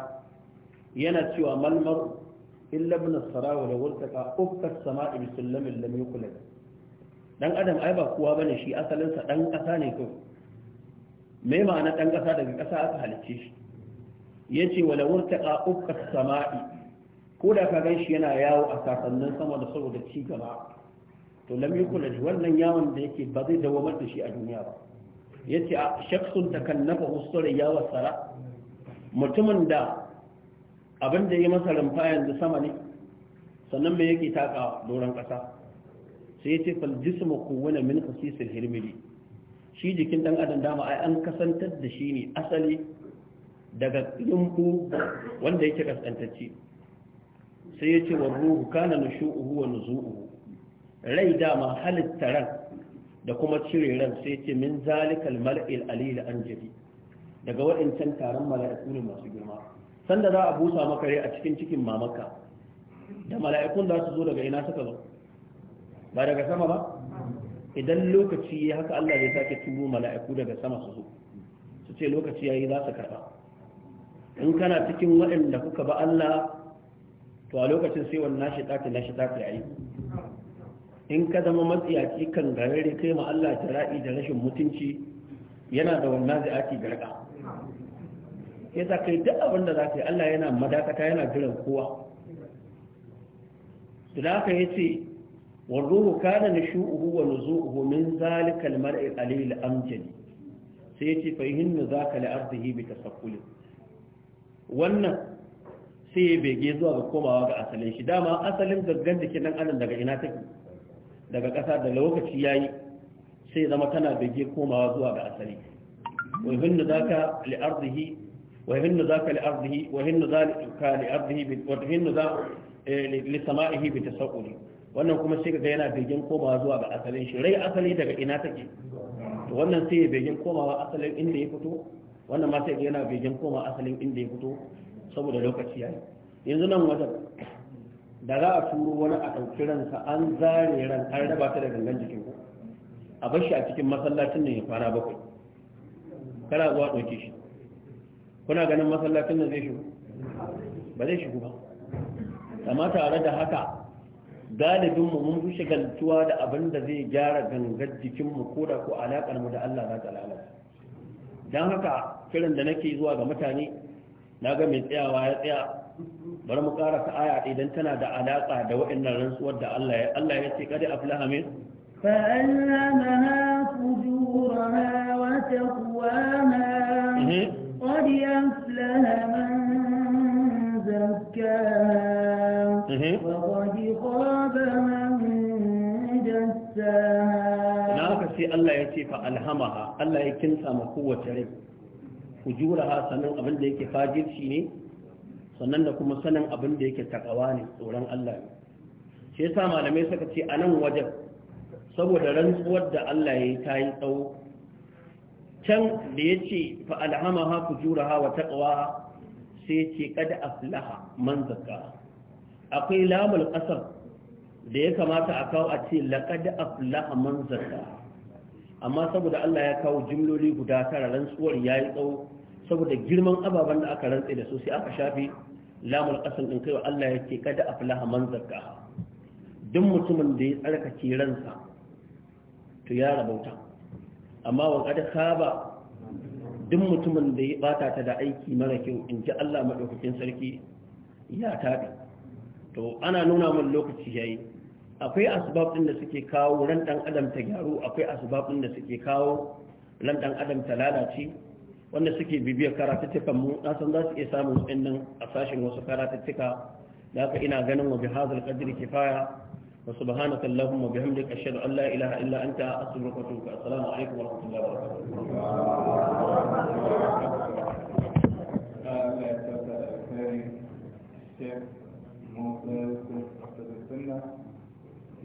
yana cewa malmar illa bin sarawa da wurtaka ukkas sama'i bi sullamin lam dan adam ai ba kowa bane shi asalinsa dan ƙasa ne kawai me ma'ana ɗan ƙasa daga ƙasa aka halicce shi ya ce wala wurtaƙa ukkar sama'i ko da ka gan shi yana yawo a sasannin sama da saboda ci gaba to lam kula da wannan yawon da yake ba zai dawo da shi a duniya ba ya ce a shaksun ta kan nafa sara mutumin da abin da ya masa rumfa yanzu sama ne sannan me yake taka doron ƙasa sai ya ce fal jismu kuwana min khasisil hirmili shi jikin ɗan adam dama ai an kasantar da shi ne asali daga yumbu wanda yake kasantacci sai ya ce wa ruhu kana nushu'uhu wa rai dama halitta ran da kuma cire ran sai ce min zalikal mal'il alil anjali daga waɗancan taron mala'iku ne masu girma sanda za a busa maka rai a cikin cikin mamaka da mala'ikun za su zo daga ina suka zo ba daga sama ba idan lokaci ya haka Allah zai sake turo mala'iku daga sama su zo su ce lokaci yayi za su karba in kana cikin waɗanda kuka ba Allah to a lokacin sai wannan shi ɗaki na shi yayi in ka zama matsiyaki kan garare kai ma Allah ra'i da rashin mutunci yana da wannan zai ake garga yasa kai duk abin da za ka yi Allah yana madakata yana jiran kowa da haka ya والروح كان نشوءه ونزوءه من ذلك المرء القليل الأمجد سيتي فيهن ذاك لأرضه بتسقل wannan sai ya bege zuwa komawa ga asalin shi dama asalin gaggan da nan adam daga ina take daga ƙasa da lokaci yayi yi sai zama tana bege komawa zuwa asali wannan kuma sai ga yana begen komawa zuwa ga asalin shi rai asali daga ina take to wannan sai ya begen komawa asalin inda ya fito wannan ma sai ga yana begen komawa asalin inda ya fito saboda lokaci yayi yanzu nan wajen da za a turo wani a ɗauki ransa an zare ran an raba ta da gangan jikin ku a bar shi a cikin masallacin nan ya fara bakwai kana zuwa ɗauke shi kuna ganin masallacin nan zai shigo ba zai shigo ba amma tare da haka galibin mu mun fi shagaltuwa da abin da zai gyara gangar jikinmu ko da ko mu da Allah za ta lalata dan haka kiran da nake zuwa ga mutane na ga mai tsayawa ya tsaya bari mu ƙara aya idan tana da alaƙa da waɗannan rantsuwar da Allah ya Allah ya ce kada aflaha min فألهمها فجورها وتقواها قد أفلح من زكاها وخاب من دساها ناك سي الله يتي فألهمها الله يكنسى مقوة رب فجورها سنن أبن ديك فاجر شيني سنن لكم سنن أبن ديك تقواني سوران الله shi yasa malamai suka ce a nan wajen saboda rantsuwar da Allah ya ta yi tsawo can da ya ce fa'alhamaha ku jura hawa taƙawa sai ce kada aflaha man zakka. akwai lamul ƙasar da ya kamata a kawo a ce laqad afla a manzarta amma saboda Allah ya kawo jimloli guda tara rantsuwar yi tsawo saboda girman ababen da aka rantse da su sai aka shafi lamul ƙasar ɗin kaiwa Allah ya yake kada afla a manzarta duk mutumin da ya tsarkake ransa to ya rabauta amma wa kada saba duk mutumin da ya bata ta da aiki mara kyau in ji Allah madaukakin sarki ya tabi to ana nuna min lokaci yayi akwai asbab ɗin da suke kawo ran dan adam ta gyaru akwai asibabin da suke kawo ran dan adam ta lalace wanda suke bibiyar karatuttukan mu na san za su iya samun nan a sashen wasu karatuttuka da aka ina ganin wa bihazal qadri kifaya wa subhanaka allahumma bihamdika ashhadu an la ilaha illa anta astaghfiruka wa atubu assalamu alaikum wa rahmatullahi wa barakatuh uh,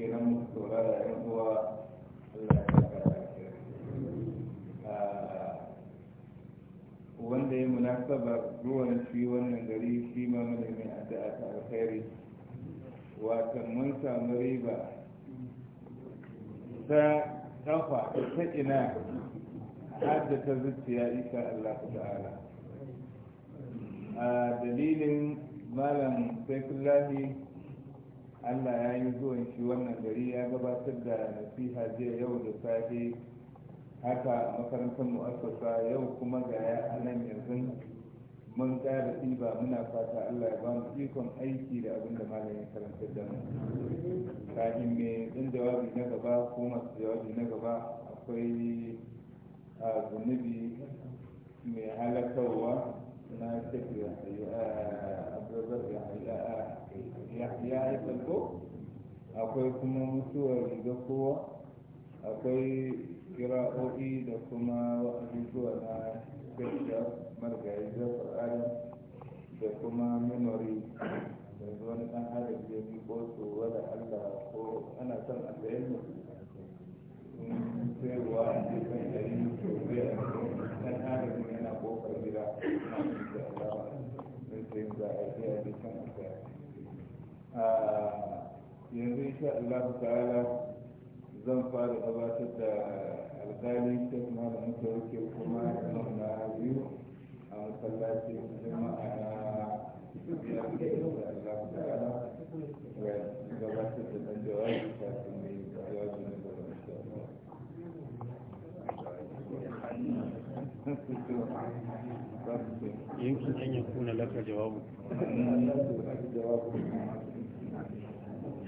kenan muka saurara yan uwa Allah ya saka lafiya ah, wanda ya munasaba ruwan shi wannan gari shi ma mun yi addu'a ta alkhairi watan mun samu riba ta kafa ta ina har da ta zuciya insha Allah ta'ala a ah, dalilin malam sai kullahi allah ya yi zuwan shi wannan gari ya gabatar da nasiha jiya yau da safe haka a makarantar mu'assasa yau kuma ga ya nan yanzu mun ƙara ba muna fata allah ya bamu ikon aiki da abin da ya karantar da mu kafin mai ɗin jawabi na gaba ko masu jawabi na gaba akwai a zunubi mai halakarwa na shekara abdulrazak ya haifar ko akwai kuma mutuwar riga kowa akwai kira'o'i da kuma abubuwa na gaskiya margayi zafar adam da kuma memory da wani ɗan adam ya bi su wada allah ko ana son a sayan mu sayarwa a cikin ɗari to biya ɗan adam yana ƙofar gida na da alama don sai za a iya bikin a sayar yanzu insha Allah ta'ala zan fara gabatar da alƙali shek malamin tawake kuma imam na biyu a masallacin jama'a na Allah ta'ala gabatar da ɗan jawabi kafin mai jawabi na gaba insha Allah. يمكن أن يكون لك جواب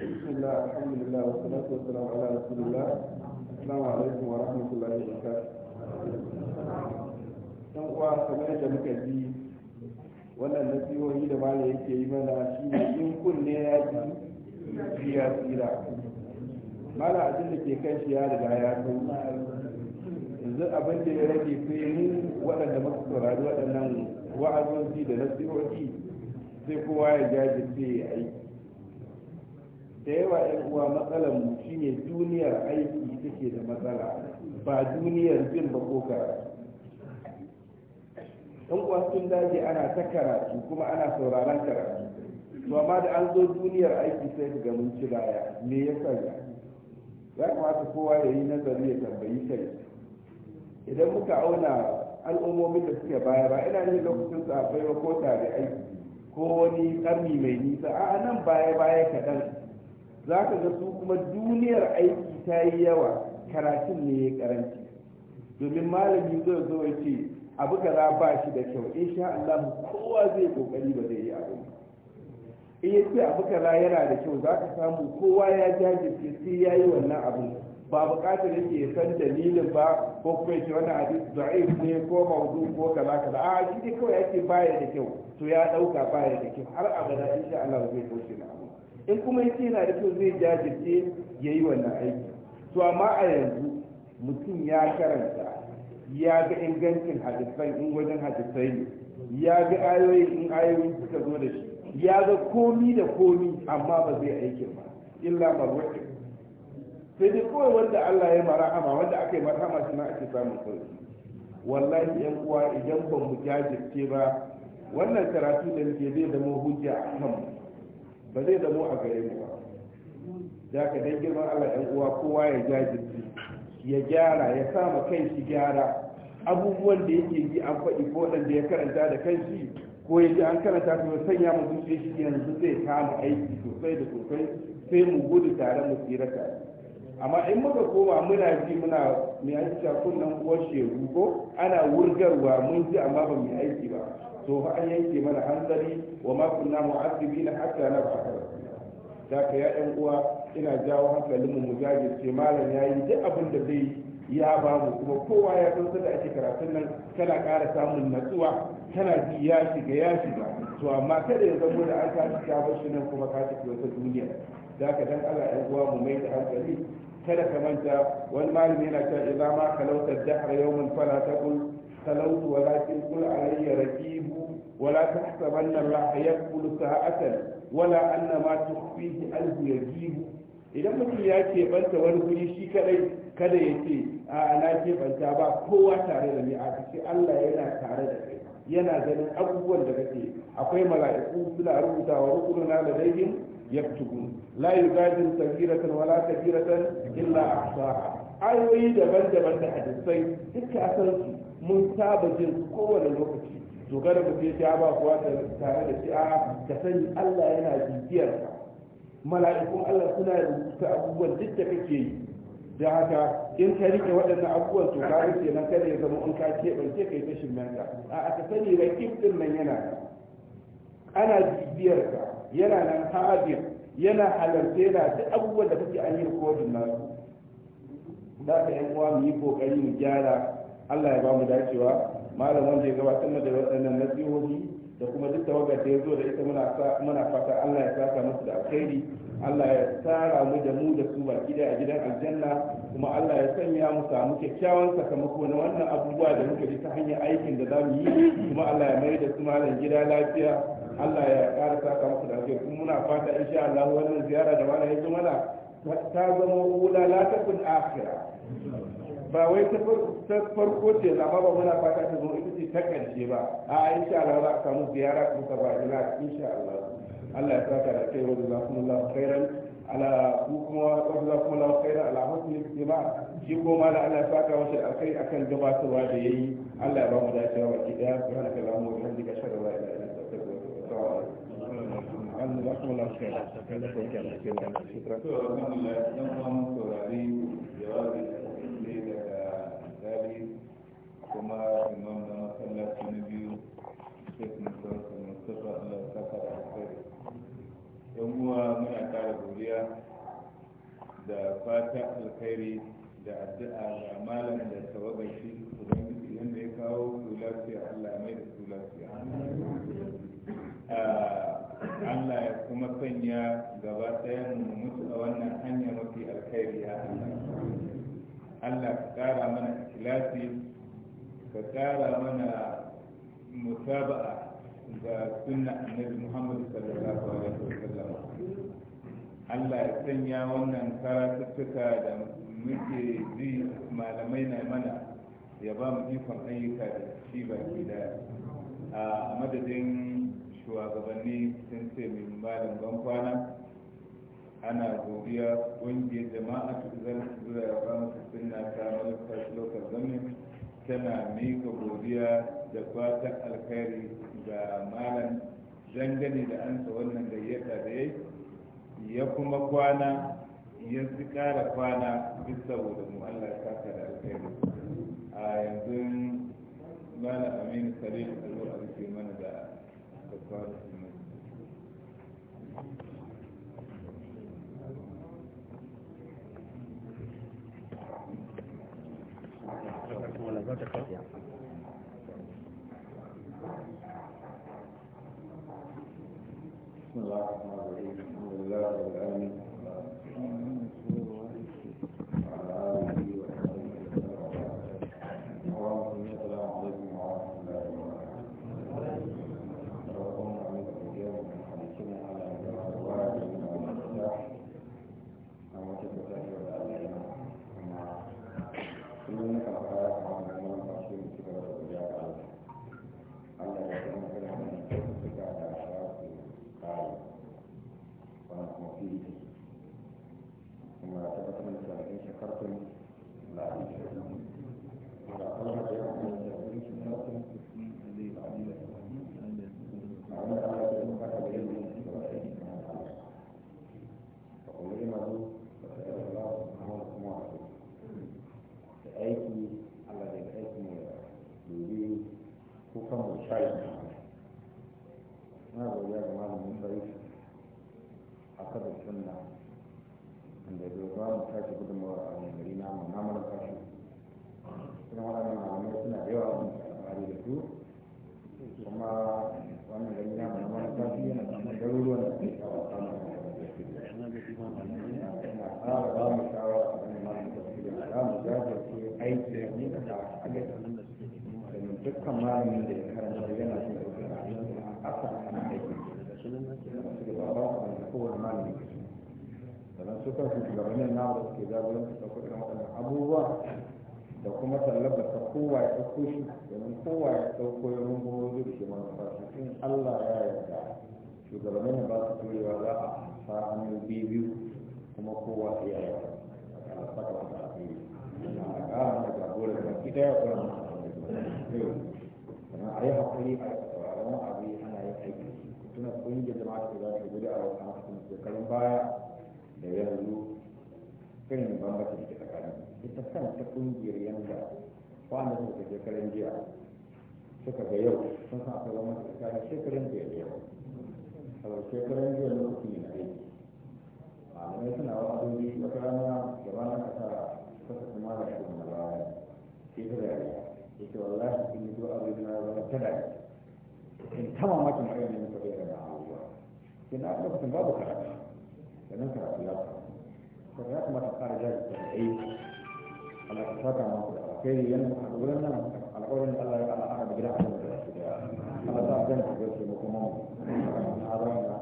بسم الله الحمد لله والصلاة والسلام على رسول الله السلام عليكم ورحمة الله وبركاته uwa kamar da muka ji wannan nasihohi da bala yake yi mana shi ne in kunne ya ji ya tsira mala abin da ke kan shi ya riga ya kai yanzu abin da ya rage sai mu waɗanda da nasihohi sai kowa ya jajirce ya aiki da yawa yan uwa matsalar mu shine duniyar aiki take da matsala ba duniyar jin ba ko karatu uwa sun daji ana ta karatu kuma ana sauraron karatu to amma da an zo duniyar aiki sai ga mun ci baya me ya sanya ya kamata kowa ya yi nazari ya tambayi kai idan muka auna al'ummomin da suke baya ba ina yin lokacin baiwa ko tare aiki ko wani karni mai nisa a nan baya baya kaɗan za ka ga su kuma duniyar aiki ta yi yawa karatun ne ya karanci domin malami zai zo ya ce abu kaza ba shi da kyau insha Allah kowa zai kokari ba zai yi abu in ya ce abu kaza yana da kyau za ka samu kowa ya jajirce sai ya yi wannan abu, ba bukatar yake ya san dalilin ba ko kuma yake wani hadis da'if ne ko mawdu ko kaza kaza a shi dai kawai yake baya da kyau to ya dauka baya da kyau har abada insha Allah zai kauce na abu in kuma ya ce yana da kyau zai jajirce ya yi wannan aiki to amma a yanzu mutum ya karanta ya ga ingancin hadisai in wajen hadisai ne ya ga ayoyin in ayoyin suka zo da shi ya ga komi da komi amma ba zai aikin ba illa ba marwaki sai dai kawai wanda Allah ya marahama wanda aka yi marhama shi na ake samun sauki wallahi yan uwa idan ban mu jajirce ba wannan karatu da nake zai zama hujja a kanmu ba zai zamo a gare mu ba za ka dan girman Allah ɗan uwa kowa ya jajirce ya gyara ya sama kai shi gyara abubuwan da yake yi an faɗi ko waɗanda ya karanta da kanshi ko ya ji an karanta su sanya mu zuciya shi yanzu zai kama aiki sosai da sosai sai mu gudu tare mu tsira tare amma in muka koma muna ji muna mai aiki a kunnen uwar shehu ko ana wurgarwa mun ji amma ba mu aiki ba to fa an yanke mana hanzari wa ma kunna mu'azzibina hatta nab'atha rasula daga ka ya ɗan uwa ina jawo hankalin mu mujajirce malam yayi duk abin da zai ya ba mu kuma kowa ya san sanda ake karatun nan kana ƙara samun natsuwa tana ji ya shiga ya shiga to amma kada ya zama da an tashi ta bar nan kuma ka tafi wata duniya da ka dan Allah ɗan uwa mu mai da hankali kada ka manta wani malami yana cewa idan ma kalautar dahar yawmin fala taqul خلوت ولكن قل علي ركيب ولا تحسبن الله يقبل ساعة ولا أن ما تخفيه أنه يجيب idan mutum ya banta wani guri shi kadai kada ya ce a ana keɓanta ba kowa tare da ni a ce Allah yana tare da kai yana ganin abubuwan da kake akwai mala'iku suna rubuta wa rukununa da daidin yaktubu la yugadiru sagiratan wala kabiratan illa ahsaha ayoyi daban-daban da hadisai duka asan mun saba jin kowane lokaci to kada mu ce ta ba kuwa tare da shi a ka sani Allah yana bibiyar ka mala'ikun Allah suna rubuta abubuwan duk da kake yi da haka in ka rike waɗannan abubuwan to ka rike nan kada ya zama in ka ban ce ce kai ta shimmanka a ka sani rakib din nan yana ana bibiyar ka yana nan hadir yana halarce da duk abubuwan da kake an yi rikodin nasu da ka yan uwa mu yi kokari mu gyara Allah ya ba mu dacewa malam wanda ya gabatar mu da waɗannan nasihohi da kuma duk tawagar da ya zo da ita muna fata Allah ya saka musu da alkhairi Allah ya tsara mu da mu da su baki gida a gidan aljanna kuma Allah ya sanya mu samu kyakkyawan sakamako na wannan abubuwa da muka ji ta hanyar aikin da zamu yi kuma Allah ya mai da su malam gida lafiya Allah ya ƙara saka musu da alkhairi kuma muna fata insha Allah wannan ziyara da malam ya zo mana ta zama wula la ba wai ta farko ce amma ba muna fata ta zo ita ce ta ƙarshe ba a insha Allah za a samu ziyara kuma ta bajina insha Allah Allah ya saka da kai wa jazakumullahu khairan ala ku kuma wa jazakumullahu khairan ala husni ittiba shi ko ma da Allah ya saka masa akai akan gabatarwa da yayi Allah ya ba mu dacewa baki daya subhanaka allahumma wa bihamdika ashhadu an la ilaha illa anta astaghfiruka wa atubu ilaik Allah ya kuma lafiya da kuma kyakkyawan shekara. Alhamdulillah, ya ba mu ikon ayyuka da shi ba ke da a madadin shugabanni sun ce min malin bankwana kwana ana godiya ƙungiyar jama'a ta zan zura ya ba sun na ta malakar lokacin zamin tana mika godiya da fatan alkhairi ga malam dangane da an sa wannan gayyata da ya ya kuma kwana ya fi kara kwana bisa saboda mu Allah ta saka da alkhairi a yanzu mana aminu sare da tsaro a rufe mana da babbar musulmai بسم الله الرحمن الرحيم الحمد لله رب العالمين kan malamin da ya karanta yana cikin ɗaukar a ƙasa aiki da su da ba ba su da kowane malami da su suka su shugabannin na da suke jagoran su ɗaukar irin waɗannan abubuwa da kuma tallafa ta kowa ya ɗauko shi domin kowa ya ɗauko ya rungumo da shi su in Allah ya yarda shugabannin ba su turewa za a sa hannu biyu biyu kuma kowa ya yarda a saka wata a na ƙara da baki ɗaya Thank you. a yi haƙuri a sauraron abu ana yin aiki da shi tuna ƙungiyar jama'a ta za ta gudu a wasu hamsin shekarun baya da yanzu kan irin bambancin da ke tsakanin ita kanta ƙungiyar yanda kwanan da ta shekarun jiya suka ga yau sun san akwai wani tsakanin shekarun jiya da yau saboda shekarun jiya lokacin yin aiki malamai suna wa abin wata rana gaba na kasa kasa kuma da shi na baya sai ta da ya ce wallahi sun zuwa abin na zama tada in ta mamakin a yanayin mutu bayyana da abubuwa sai na lokacin babu karatu da nan karatu ya fara sai ya kamata fara jari da ai Allah ka saka mu da alkhairi yana da wurin nan alƙawarin Allah ya ala aka da gida a da Allah ta gani da su kuma mu a zama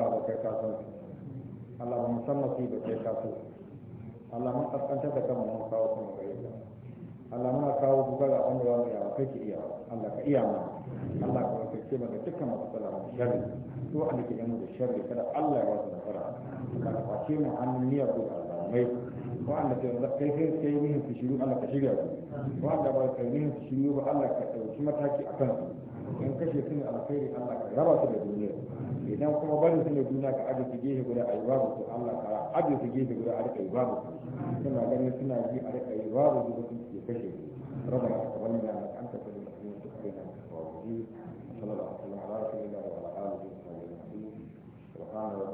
Allah ba kai ka san Allah ba musamman ba kai ka so Allah mun kaskantar da kanmu mun kawo kuma gare ka Allah muna kawo duka ga wanda ba ya kai ki iya Allah ka iya mu Allah ka wakilce mu da dukkan matsala mu sharri to an ke mu da sharri kada Allah ya wasu nasara Allah ka kwace mu hannun niyyar ku da Allah mai ko wa'anda ke da kai kai kai ni su shiru Allah ka shirya ku ko an da ba kai mihin su shiru ba Allah ka ɗauki mataki akan kansu in kashe su ne alkhairi Allah ka raba su da duniya idan kuma barin su ne duniya ka ajiye su gefe guda a yi babu su Allah ka ajiye su gefe guda a rika yi babu su suna ganin suna yi a rika yi babu su da suke kashe su ربنا تقبل